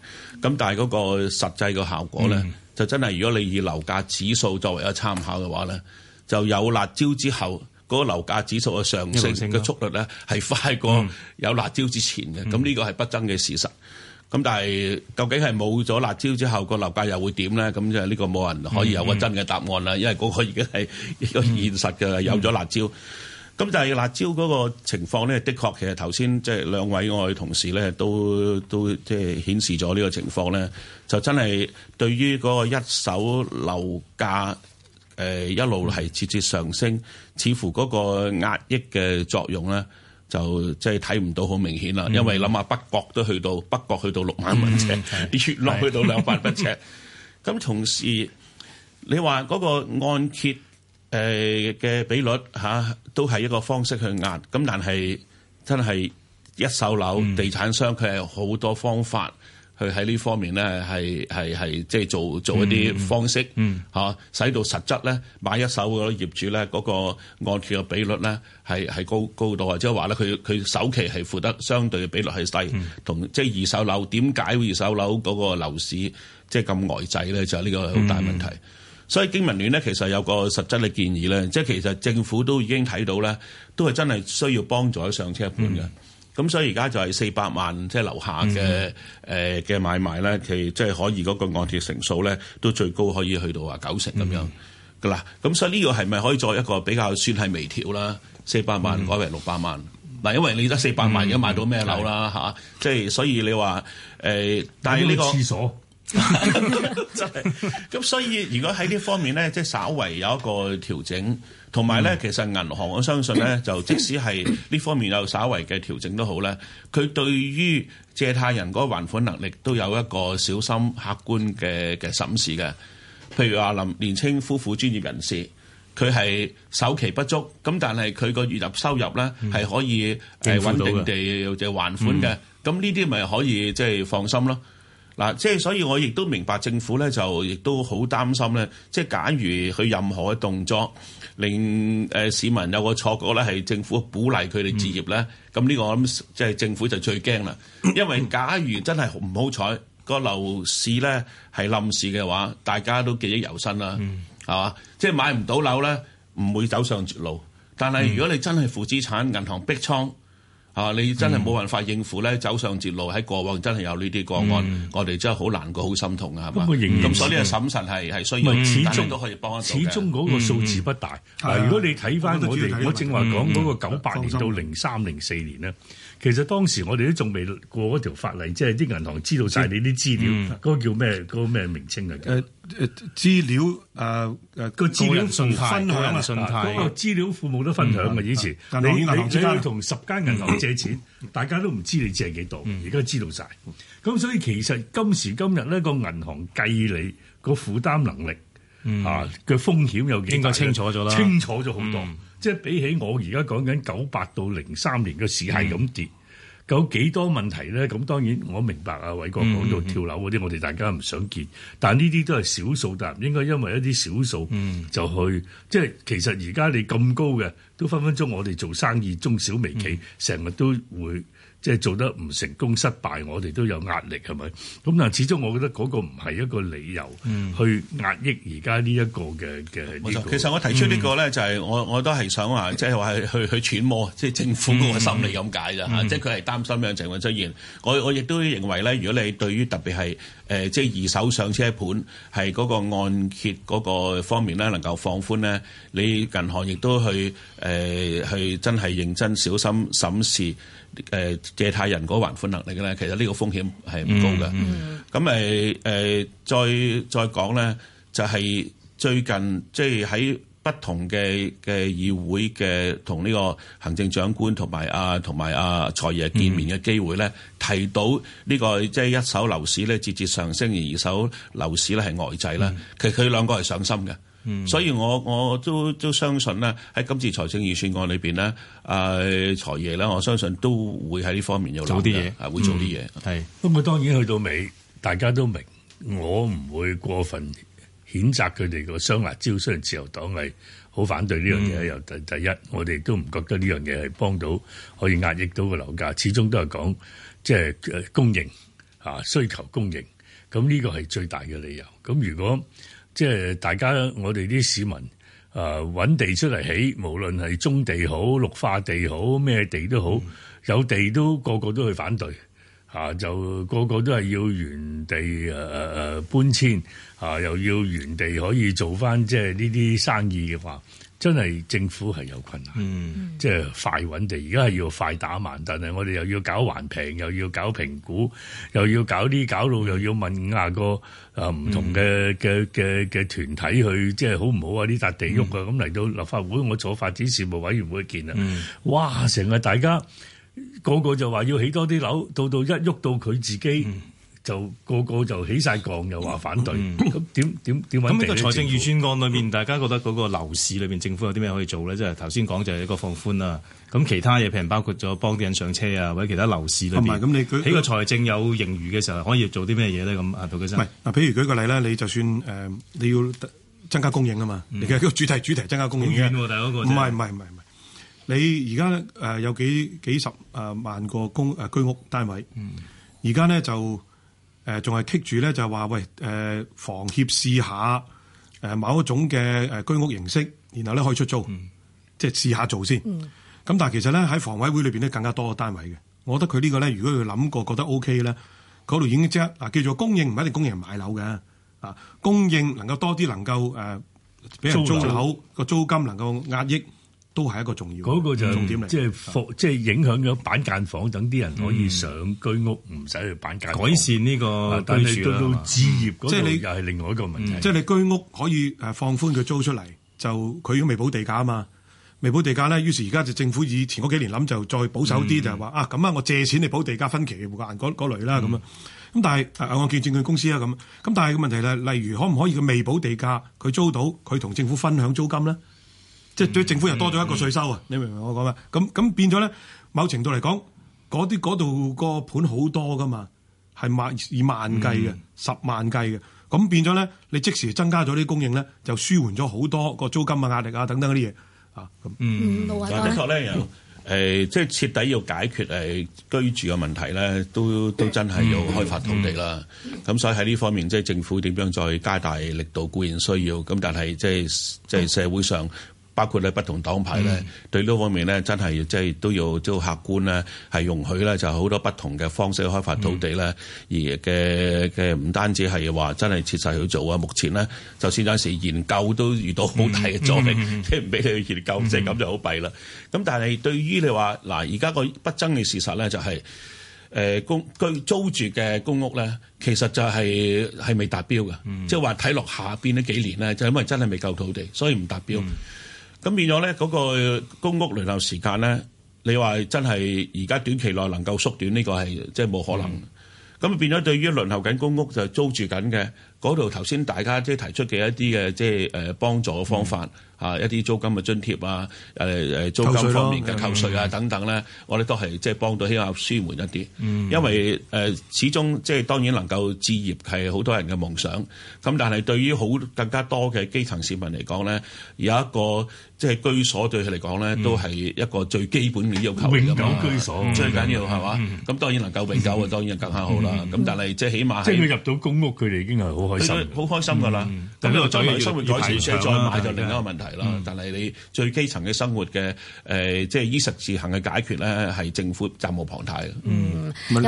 咁但係嗰個實際嘅效果咧，嗯、就真係如果你以樓價指數作為一個參考嘅話咧，就有辣椒之後嗰、嗰個樓價指數嘅上升性嘅速率咧，係快過有辣椒之前嘅，咁呢、嗯、個係不爭嘅事實。咁、嗯、但係究竟係冇咗辣椒之後、嗰個樓價又會點咧？咁就呢個冇人可以有個真嘅答案啦，嗯嗯、因為嗰個已經係一個現實嘅、嗯、有咗辣椒。咁就係辣椒嗰個情況咧，的確其實頭先即係兩位我同事咧，都都即係顯示咗呢個情況咧，就真係對於嗰個一手樓價誒一路係節節上升，似乎嗰個壓抑嘅作用咧，就即係睇唔到好明顯啦。因為諗下北角都去到北角去到六萬蚊尺，越、嗯、落去到兩百蚊尺。咁是的笑同時你話嗰個按揭誒嘅比率吓都係一個方式去壓，咁但係真係一手樓、嗯、地產商佢係好多方法去喺呢方面咧，係係係即係做做一啲方式、嗯啊、使到實質咧買一手嗰個業主咧嗰、嗰個按揭嘅比率咧係係高高度。或者即係話咧佢佢首期係付得相對比率係低，同即係二手樓點解二手樓嗰個樓市即係咁呆滯咧？就係、係、呢個好大問題。嗯嗯所以經民聯咧，其實有個實質嘅建議咧，即係其實政府都已經睇到咧，都係真係需要幫助上車盤嘅。咁、嗯、所以而家就係四百萬即係樓下嘅誒嘅買賣咧，其即係可以嗰個按揭成數咧，都最高可以去到話九成咁樣㗎啦。咁、嗯、所以呢個係咪可以作一個比較算係微調啦？四百萬改為六百萬嗱，嗯、因為你得四百萬而家買到咩樓啦嚇？即係、嗯啊、所以你話誒，呃、但係呢、這個。咁 *laughs* *laughs* 所以如果喺呢方面呢，即係稍為有一個調整，同埋呢，其實銀行我相信呢，就即使係呢方面有稍為嘅調整都好呢，佢對於借貸人嗰還款能力都有一個小心客觀嘅嘅審視嘅。譬如阿林年青夫婦專業人士，佢係首期不足，咁但係佢個月入收入呢係可以係穩定地又還款嘅，咁呢啲咪可以即係放心咯。嗱，即係所以，我亦都明白政府咧，就亦都好擔心咧。即係假如佢任何嘅動作令誒市民有個錯覺咧，係政府鼓勵佢哋置業咧，咁呢、嗯、個我諗即係政府就最驚啦。因為假如真係唔好彩個樓市咧係冧市嘅話，大家都記憶猶新啦，係嘛、嗯？即係買唔到樓咧，唔會走上絕路。但係如果你真係負資產，銀行逼倉。啊！你真係冇辦法應付咧，嗯、走上絕路喺過往真係有呢啲個案，嗯、我哋真係好難過、好心痛啊，係嘛？咁所以呢個審慎係係需要，始終都可以幫手嘅。始終嗰個數字不大。嗱、嗯，如果你睇翻我哋，我正話講嗰個九八年到零三零四年咧。心其實當時我哋都仲未過嗰條法例，即係啲銀行知道晒你啲資料，嗰個叫咩？嗰個咩名稱嚟嘅，誒，資料誒誒個資料信貸分享啊！嗰個資料父母都分享啊！以前你你只同十間銀行借錢，大家都唔知你借幾多，而家知道晒。咁所以其實今時今日呢個銀行計你個負擔能力啊，嘅風險有幾大，應該清楚咗啦，清楚咗好多。即係比起我而家講緊九八到零三年嘅市係咁跌，有幾多問題咧？咁當然我明白阿偉國講到跳樓嗰啲，我哋大家唔想見，但呢啲都係少數，但唔應該因為一啲少數就去。即係其實而家你咁高嘅，都分分鐘我哋做生意中小微企成日都會。即係做得唔成功失敗，我哋都有壓力係咪？咁但係始終，我覺得嗰個唔係一個理由去壓抑而家呢一個嘅嘅。嗯呢個、其實我提出呢、呢個咧、嗯，就係我我都係想話，即係話去去揣摩，即係政府嗰個心理咁解啫，即係佢係擔心有情況出現。我我亦都認為咧，如果你對於特別係誒即係二手上車盤係嗰個按揭嗰個方面咧，能夠放寬咧，你銀行亦都去誒、呃、去真係認真小心審視。誒借貸人嗰還款能力嘅咧，其實呢個風險係唔高嘅。咁咪誒再再講咧，就係、係、最近即係喺不同嘅嘅議會嘅同呢個行政長官同埋啊同埋阿財、啊、爺見面嘅機會咧，嗯、提到呢、呢個即係、就係、一手樓市咧節節上升，而二手樓市咧係呆滯啦。嗯、其實佢兩個係上心嘅。所以我，我我都都相信咧，喺今次財政預算案裏邊咧，誒、啊、財爺咧，我相信都會喺呢方面有做啲嘢，啊、嗯，會做啲嘢。係、嗯，不過是當然去到尾，大家都明，我唔會過分譴責佢哋個雙辣招，雖然自由黨係好反對呢樣嘢。又第、嗯、第一，我哋都唔覺得呢樣嘢係幫到，可以壓抑到個樓價。始終都係講即係供應啊，需求供應。咁呢個係最大嘅理由。咁如果即係大家，我哋啲市民啊，揾地出嚟起，無論係棕地好、綠化地好、咩地都好，有地都個個都去反對，嚇、啊、就個個都係要原地誒誒、啊、搬遷，嚇、啊、又要原地可以做翻即係呢啲生意嘅話，真係政府係有困難，嗯、即係快揾地，而家係要快打慢，但係我哋又要搞環評，又要搞評估，又要搞啲搞路，又要問五廿個。啊！唔同嘅嘅嘅嘅團體去，即係好唔好啊？呢笪地喐啊，咁嚟、嗯啊、到立法會，我坐發展事務委員會見啊！嗯、哇，成日大家個個就話要起多啲樓，到一到一喐到佢自己。嗯就個個就起晒槓，又話反對。咁點點點揾地？咁、嗯、個財政預算案裏面，大家覺得嗰個樓市裏面，政府有啲咩可以做咧？即係頭先講就係、是、一個放寬啦、啊。咁其他嘢譬如包括咗幫啲人上車啊，或者其他樓市裏面。咁，你佢喺個財政有盈餘嘅時候，可以做啲咩嘢咧？咁啊，涂先生。嗱，譬如舉個例啦，你就算誒、呃、你要增加供應啊嘛，其實一個主題主題增加供應嘅。唔係唔係唔係唔係，你而家誒有幾幾十啊萬個公誒、啊、居屋單位。而家呢就。誒仲係 keep 住咧，就係話喂誒，房協試下誒某一種嘅誒居屋形式，然後咧可以出租，嗯、即係試下做先。咁、嗯、但係其實咧喺房委會裏面咧更加多個單位嘅，我覺得佢呢、呢個咧如果佢諗過覺得 O K 咧，嗰度已經知 e t 住，叫做供應唔一定供應人買樓嘅啊，供應能夠多啲能夠誒俾、呃、人租樓，個租，樓租金能夠壓抑。都係一個重要，嗰個就係、重點嚟，即係即影響咗板間房等啲人可以上居屋，唔使、嗯、去板間房改善呢個置業啦，即係你又係另外一個問題，即係你、嗯、你居屋可以放寬佢租出嚟，就佢如果未補地價啊嘛，未補地價咧，於是而家就政府以前嗰幾年諗就再保守啲，嗯、就係話啊咁啊，我借錢你補地價分期還嗰嗰類啦咁咁但係、啊、我見證券公司啊咁，咁但係個問題咧，例如可唔可以佢未補地價，佢租到佢同政府分享租金咧？即係對政府又多咗一個稅收啊！嗯嗯、你明唔明我講咩？咁咁變咗咧，某程度嚟講，嗰啲嗰度個盤好多噶嘛，係萬以萬計嘅，嗯、十萬計嘅。咁變咗咧，你即時增加咗啲供應咧，就舒緩咗好多個租金嘅壓力啊等等嗰啲嘢啊。咁嗯，冇錯、嗯、呢，咁咧又即係徹底要解決誒居住嘅問題咧，都都真係要開發土地啦。咁、嗯嗯、所以喺呢方面，即政府點樣再加大力度固然需要，咁但係即係即係社會上。嗯包括咧不同黨派咧，嗯、對呢方面咧，真係即係都要即係客觀咧，係容許咧，就好多不同嘅方式開發土地咧，嗯、而嘅嘅唔單止係話真係切實去做啊。目前咧，就算有時研究都遇到好大嘅阻力，即係唔俾你去研究，即係咁就好弊啦。咁但係對於你話嗱，而家個不爭嘅事實咧、就係，就係誒公居租住嘅公屋咧，其實就係、係、係未達標嘅，即係話睇落下邊呢幾年咧，就因為真係未夠土地，所以唔達標。嗯嗯咁變咗咧，嗰個公屋輪候時間咧，你話真係而家短期內能夠縮短呢個係即係冇可能。咁、嗯、變咗對於輪候緊公屋就租住緊嘅嗰度，頭先大家即係提出嘅一啲嘅即係誒幫助嘅方法。嗯啊！一啲租金嘅津貼啊，誒租金方面嘅扣稅啊等等咧，我哋都係即係幫到起碼舒緩一啲。因為誒始終即係當然能夠置業係好多人嘅夢想。咁但係對於好更加多嘅基層市民嚟講咧，有一個即係居所對佢嚟講咧，都係一個最基本嘅要求嚟㗎嘛。永久居所最緊要係嘛？咁當然能夠永久啊，當然更加好啦。咁但係即係起碼即係佢入到公屋，佢哋已經係好開心。好開心㗎啦！咁呢度再生活改善，再買就另一個問題。係啦，嗯、但係你最基層嘅生活嘅誒，即、呃、係、就是、衣食住行嘅解決咧，係政府責無旁貸嘅。嗯，又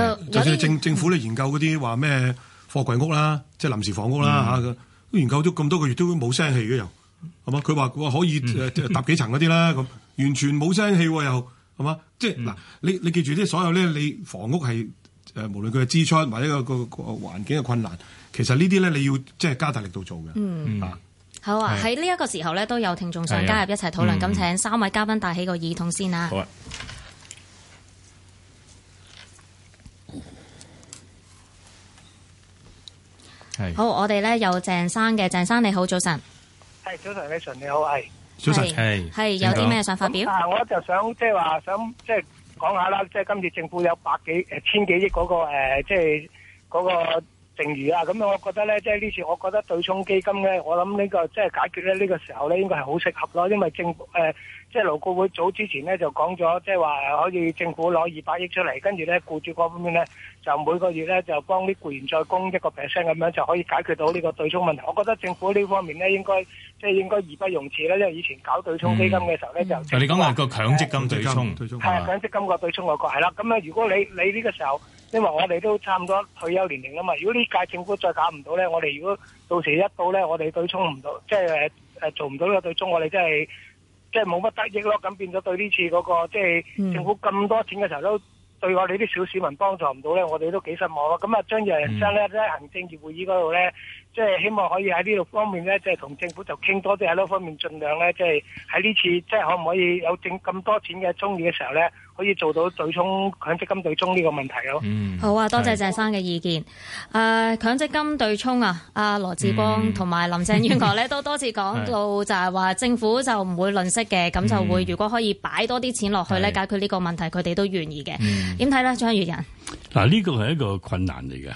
即係政府咧研究嗰啲話咩貨櫃屋啦，即、就、係、是、臨時房屋啦嚇、嗯啊，研究咗咁多個月都冇聲氣嘅又係嘛？佢話話可以誒搭、呃、幾層嗰啲、嗯就是、啦，咁完全冇聲氣又係嘛？即係嗱，你你記住啲所有咧，你房屋係誒、呃，無論佢嘅支出或者個個環境嘅困難，其實這些呢啲咧你要即係、就是、加大力度做嘅。嗯、啊。好啊！喺呢一個時候咧，都有聽眾想加入一齊討論，咁、啊嗯、請三位嘉賓戴起個耳筒先好啊。係、啊。好，我哋咧有鄭生嘅，鄭生你好，早晨。係早晨，早晨。你好，係。是早晨係。係有啲咩想發表？我就想即係話，想即係講下啦，即係今次政府有百幾誒千幾億嗰個誒，即係嗰個。呃就是那個正如啊，咁、嗯、樣我覺得呢，即係呢次我覺得對沖基金咧，我諗呢、呢個即係解決咧呢個時候呢應該係好適合囉。因為政府，呃、即係勞顧會早之前呢就講咗，即係話可以政府攞二百億出嚟，跟住呢僱主嗰方面呢，就每個月呢就幫啲僱員再供一個 percent 咁樣就可以解決到呢個對沖問題。我覺得政府呢方面呢應該即係應該義不容辭呢，因為以前搞對沖基金嘅時候咧就嗱，嗯就係、你講個強積金對沖，係、啊、對強積金個對沖外國，係啦，咁、嗯、如果你你呢個時候。因為我哋都差唔多退休年齡啦嘛，如果呢屆政府再搞唔到咧，我哋如果到時一到咧，我哋對沖唔到，即係誒誒做唔到呢個對沖，我哋真係即係冇乜得益咯。咁變咗對呢次嗰、那個即係、就是、政府咁多錢嘅時候，都對我哋啲小市民幫助唔到咧，我哋都幾失望囉。咁、嗯、啊，張宇人生咧行政會議嗰度咧，嗯、即係希望可以喺呢度方面咧，即係同政府就傾多啲喺呢方面，盡量咧即係喺呢、就是、次即係、就是、可唔可以有整咁多錢嘅中年嘅時候咧？可以做到對沖強積金對沖呢個問題咯。嗯、好啊，多謝鄭生嘅意見。誒是、呃，強積金對沖啊，阿羅志光同、啊、埋、嗯、林鄭月娥咧都多次講到，就係話政府就唔會吝嗇嘅，咁是就會如果可以擺多啲錢落去咧，是解決呢個問題，佢哋都願意嘅。點睇咧，張宇人？嗱，呢個係一個困難嚟嘅，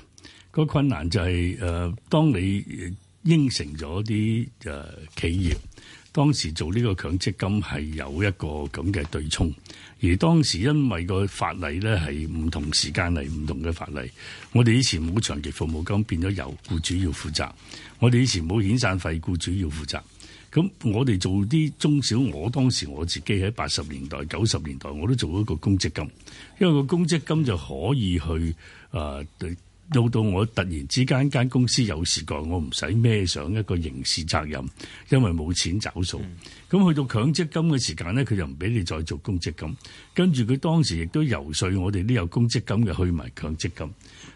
個困難就係、是、誒、呃，當你應承咗啲誒企業。當時做呢個強積金係有一個咁嘅對沖，而當時因為個法例咧係唔同時間嚟唔同嘅法例，我哋以前冇長期服務金變咗由僱主要負責，我哋以前冇遣散費僱主要負責，咁我哋做啲中小，我當時我自己喺八十年代、九十年代我都做一個公積金，因為個公積金就可以去啊、對到到我突然之間間公司有事講，我唔使孭上一個刑事責任，因為冇錢找數，咁去的到強積金嘅時間咧，佢就唔俾你再做公積金。跟住佢當時亦都游說我哋呢有公積金嘅去埋強積金。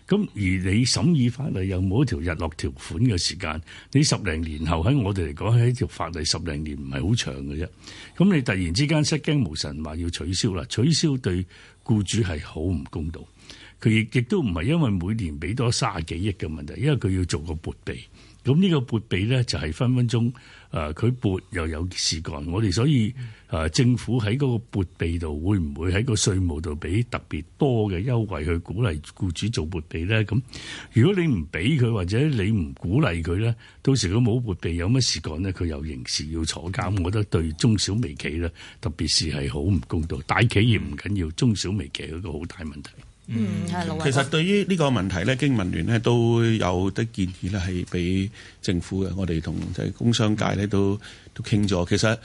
咁而你審議法例又冇一條日落條款嘅時間，你十零年後喺我哋嚟講喺條法例十零年唔係好長嘅啫。咁你突然之間失驚無神，話要取消啦！取消對僱主係好唔公道。佢亦亦都唔係因為每年俾多卅幾億嘅問題，因為佢要做個撥備。咁呢個撥備咧就係、是、分分鐘誒，佢、呃、撥又有事幹。我哋所以誒、呃，政府喺嗰個撥備度會唔會喺個稅務度俾特別多嘅優惠去鼓勵雇主做撥備咧？咁如果你唔俾佢或者你唔鼓勵佢咧，到時佢冇撥備有乜事幹咧，佢又刑事要坐監。我覺得對中小微企咧，特別是係好唔公道。大企業唔緊要，中小微企一個好大問題。嗯，係。其實對於呢個問題咧，經民聯咧都有啲建議咧，係俾政府嘅。我哋同即係工商界咧都都傾咗。其實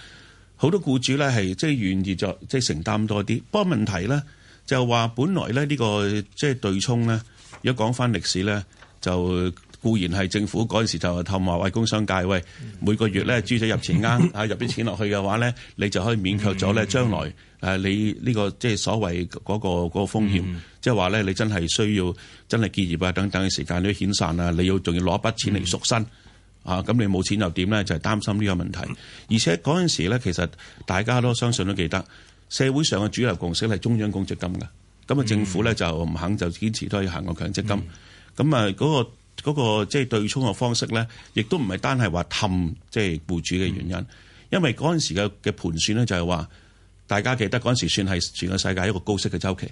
好多僱主咧係即係願意作即係承擔多啲。不過問題咧就係話，本來咧呢個即係對沖咧，如果講翻歷史咧就，固然係政府嗰陣時候就透話，喂，工商界喂，每個月咧豬仔入錢啱啊 *laughs* 入啲錢落去嘅話咧，你就可以勉強咗咧將來誒、 *laughs* 啊、你呢、呢個即係所謂嗰、嗰個嗰、嗰個風險，即係話咧你真係需要真係結業啊等等嘅時間都遣散啊，你要仲要攞一筆錢嚟贖身 *laughs* 啊，咁你冇錢又點咧？就係、是、擔心呢個問題。而且嗰陣時咧，其實大家都相信都記得社會上嘅主流共識係中央公積金嘅，咁、那、啊、個、政府咧就唔肯就堅持都可以行個強積金，咁 *laughs* 啊嗰、嗰個。嗰、那個即係、就是、對沖嘅方式咧，亦都唔係單係話氹即係僱主嘅原因，因為嗰陣時嘅嘅盤算咧就係話，大家記得嗰陣時算係全個世界一個高息嘅周期，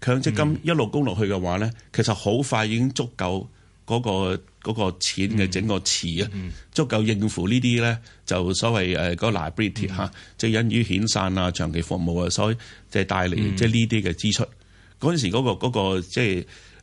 強積金一路供落去嘅話咧，嗯、其實好快已經足夠嗰、那個嗰、那個、錢嘅整個池啊，嗯嗯、足夠應付呢啲咧就所謂嗰個、uh, liability 嚇、嗯，即係因於遣散啊、長期服務啊，所以即係帶嚟即係呢啲嘅支出。嗰陣、嗯、時嗰嗰、那個即係。那個就是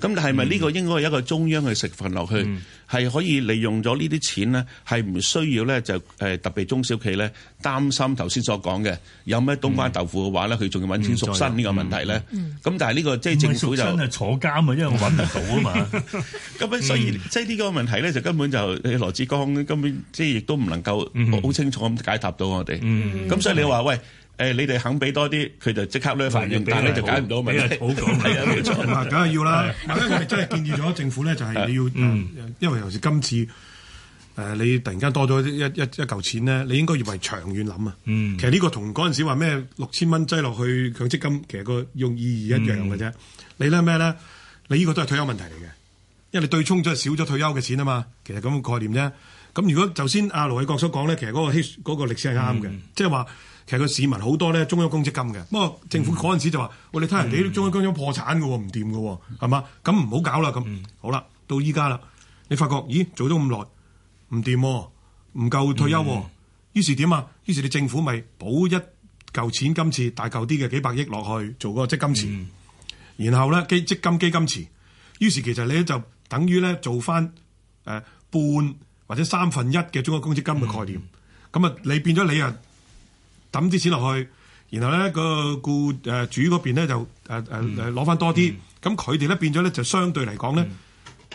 咁係咪呢個應該係一個中央嘅食分落去，係、嗯、可以利用咗呢啲錢咧，係唔需要咧就特別中小企咧擔心頭先所講嘅有咩冬瓜豆腐嘅話咧，佢仲、嗯、要揾錢贖身呢個問題咧？咁、嗯嗯、但係呢、這個即係、就是、政府就真係坐監啊，因為搵唔到啊嘛。咁 *laughs* 所以、嗯、即係呢個問題咧，就根本就羅志剛根本即係亦都唔能夠好清楚咁解答到我哋。咁、嗯、所以你話、嗯嗯、喂？誒、哎，你哋肯俾多啲，佢就即刻咧，反應，但係咧就解唔到問題好咗，係咁啊，梗係要啦。嗱， *laughs* 因為我哋真係建議咗政府咧，就係你要， *laughs* 嗯、因為尤其是今次誒、呃，你突然間多咗一一一嚿錢咧，你應該要為長遠諗啊。嗯、其實呢個同嗰陣時話咩六千蚊擠落去強積金，其實個用意義一樣嘅啫，、嗯。你咧咩咧？你呢個都係退休問題嚟嘅，因為你對沖咗少咗退休嘅錢啊嘛。其實咁嘅概念啫。咁如果頭先阿盧偉國所講咧，其實嗰個希嗰、嗰個歷史係啱嘅，即係話。其實個市民好多咧，中央公積金嘅，不過政府嗰陣時就話，我哋睇人哋中央公積金破產嘅唔掂嘅喎，係嘛？咁唔、嗯、好搞啦，咁好啦，到依家啦，你發覺，咦，做咗咁耐，唔掂、哦，唔夠退休、哦，嗯、於是點啊？於是你政府咪補一嚿錢金池，大嚿啲嘅幾百億落去做個積金池，嗯、然後咧基積金基金池，於是其實你咧就等於咧做翻誒、呃、半或者三分一嘅中央公積金嘅概念，咁啊、嗯、你變咗你啊～抌啲錢落去，然後咧個雇誒主嗰邊咧就誒誒誒攞翻多啲，咁佢哋咧變咗咧就相對嚟講咧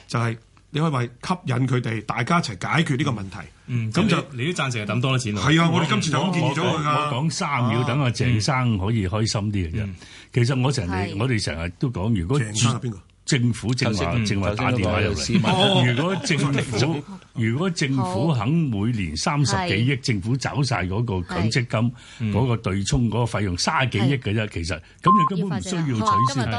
就係你可以話吸引佢哋，大家一齊解決呢個問題，嗯，咁、嗯、就，就你都贊成抌多啲錢落去。係啊，我哋今次就建議咗佢噶。我講三秒等阿鄭生可以開心啲嘅啫。嗯、其實我成日是我哋成日都講，如果住邊個政府正話、嗯、正話打電話話入嚟，如果政府 *laughs* 如果政府肯每年三十幾億，政府走晒個強積金是個對沖個費用卅幾億嘅啫，是其實咁又是、嗯、根本唔需要取消。是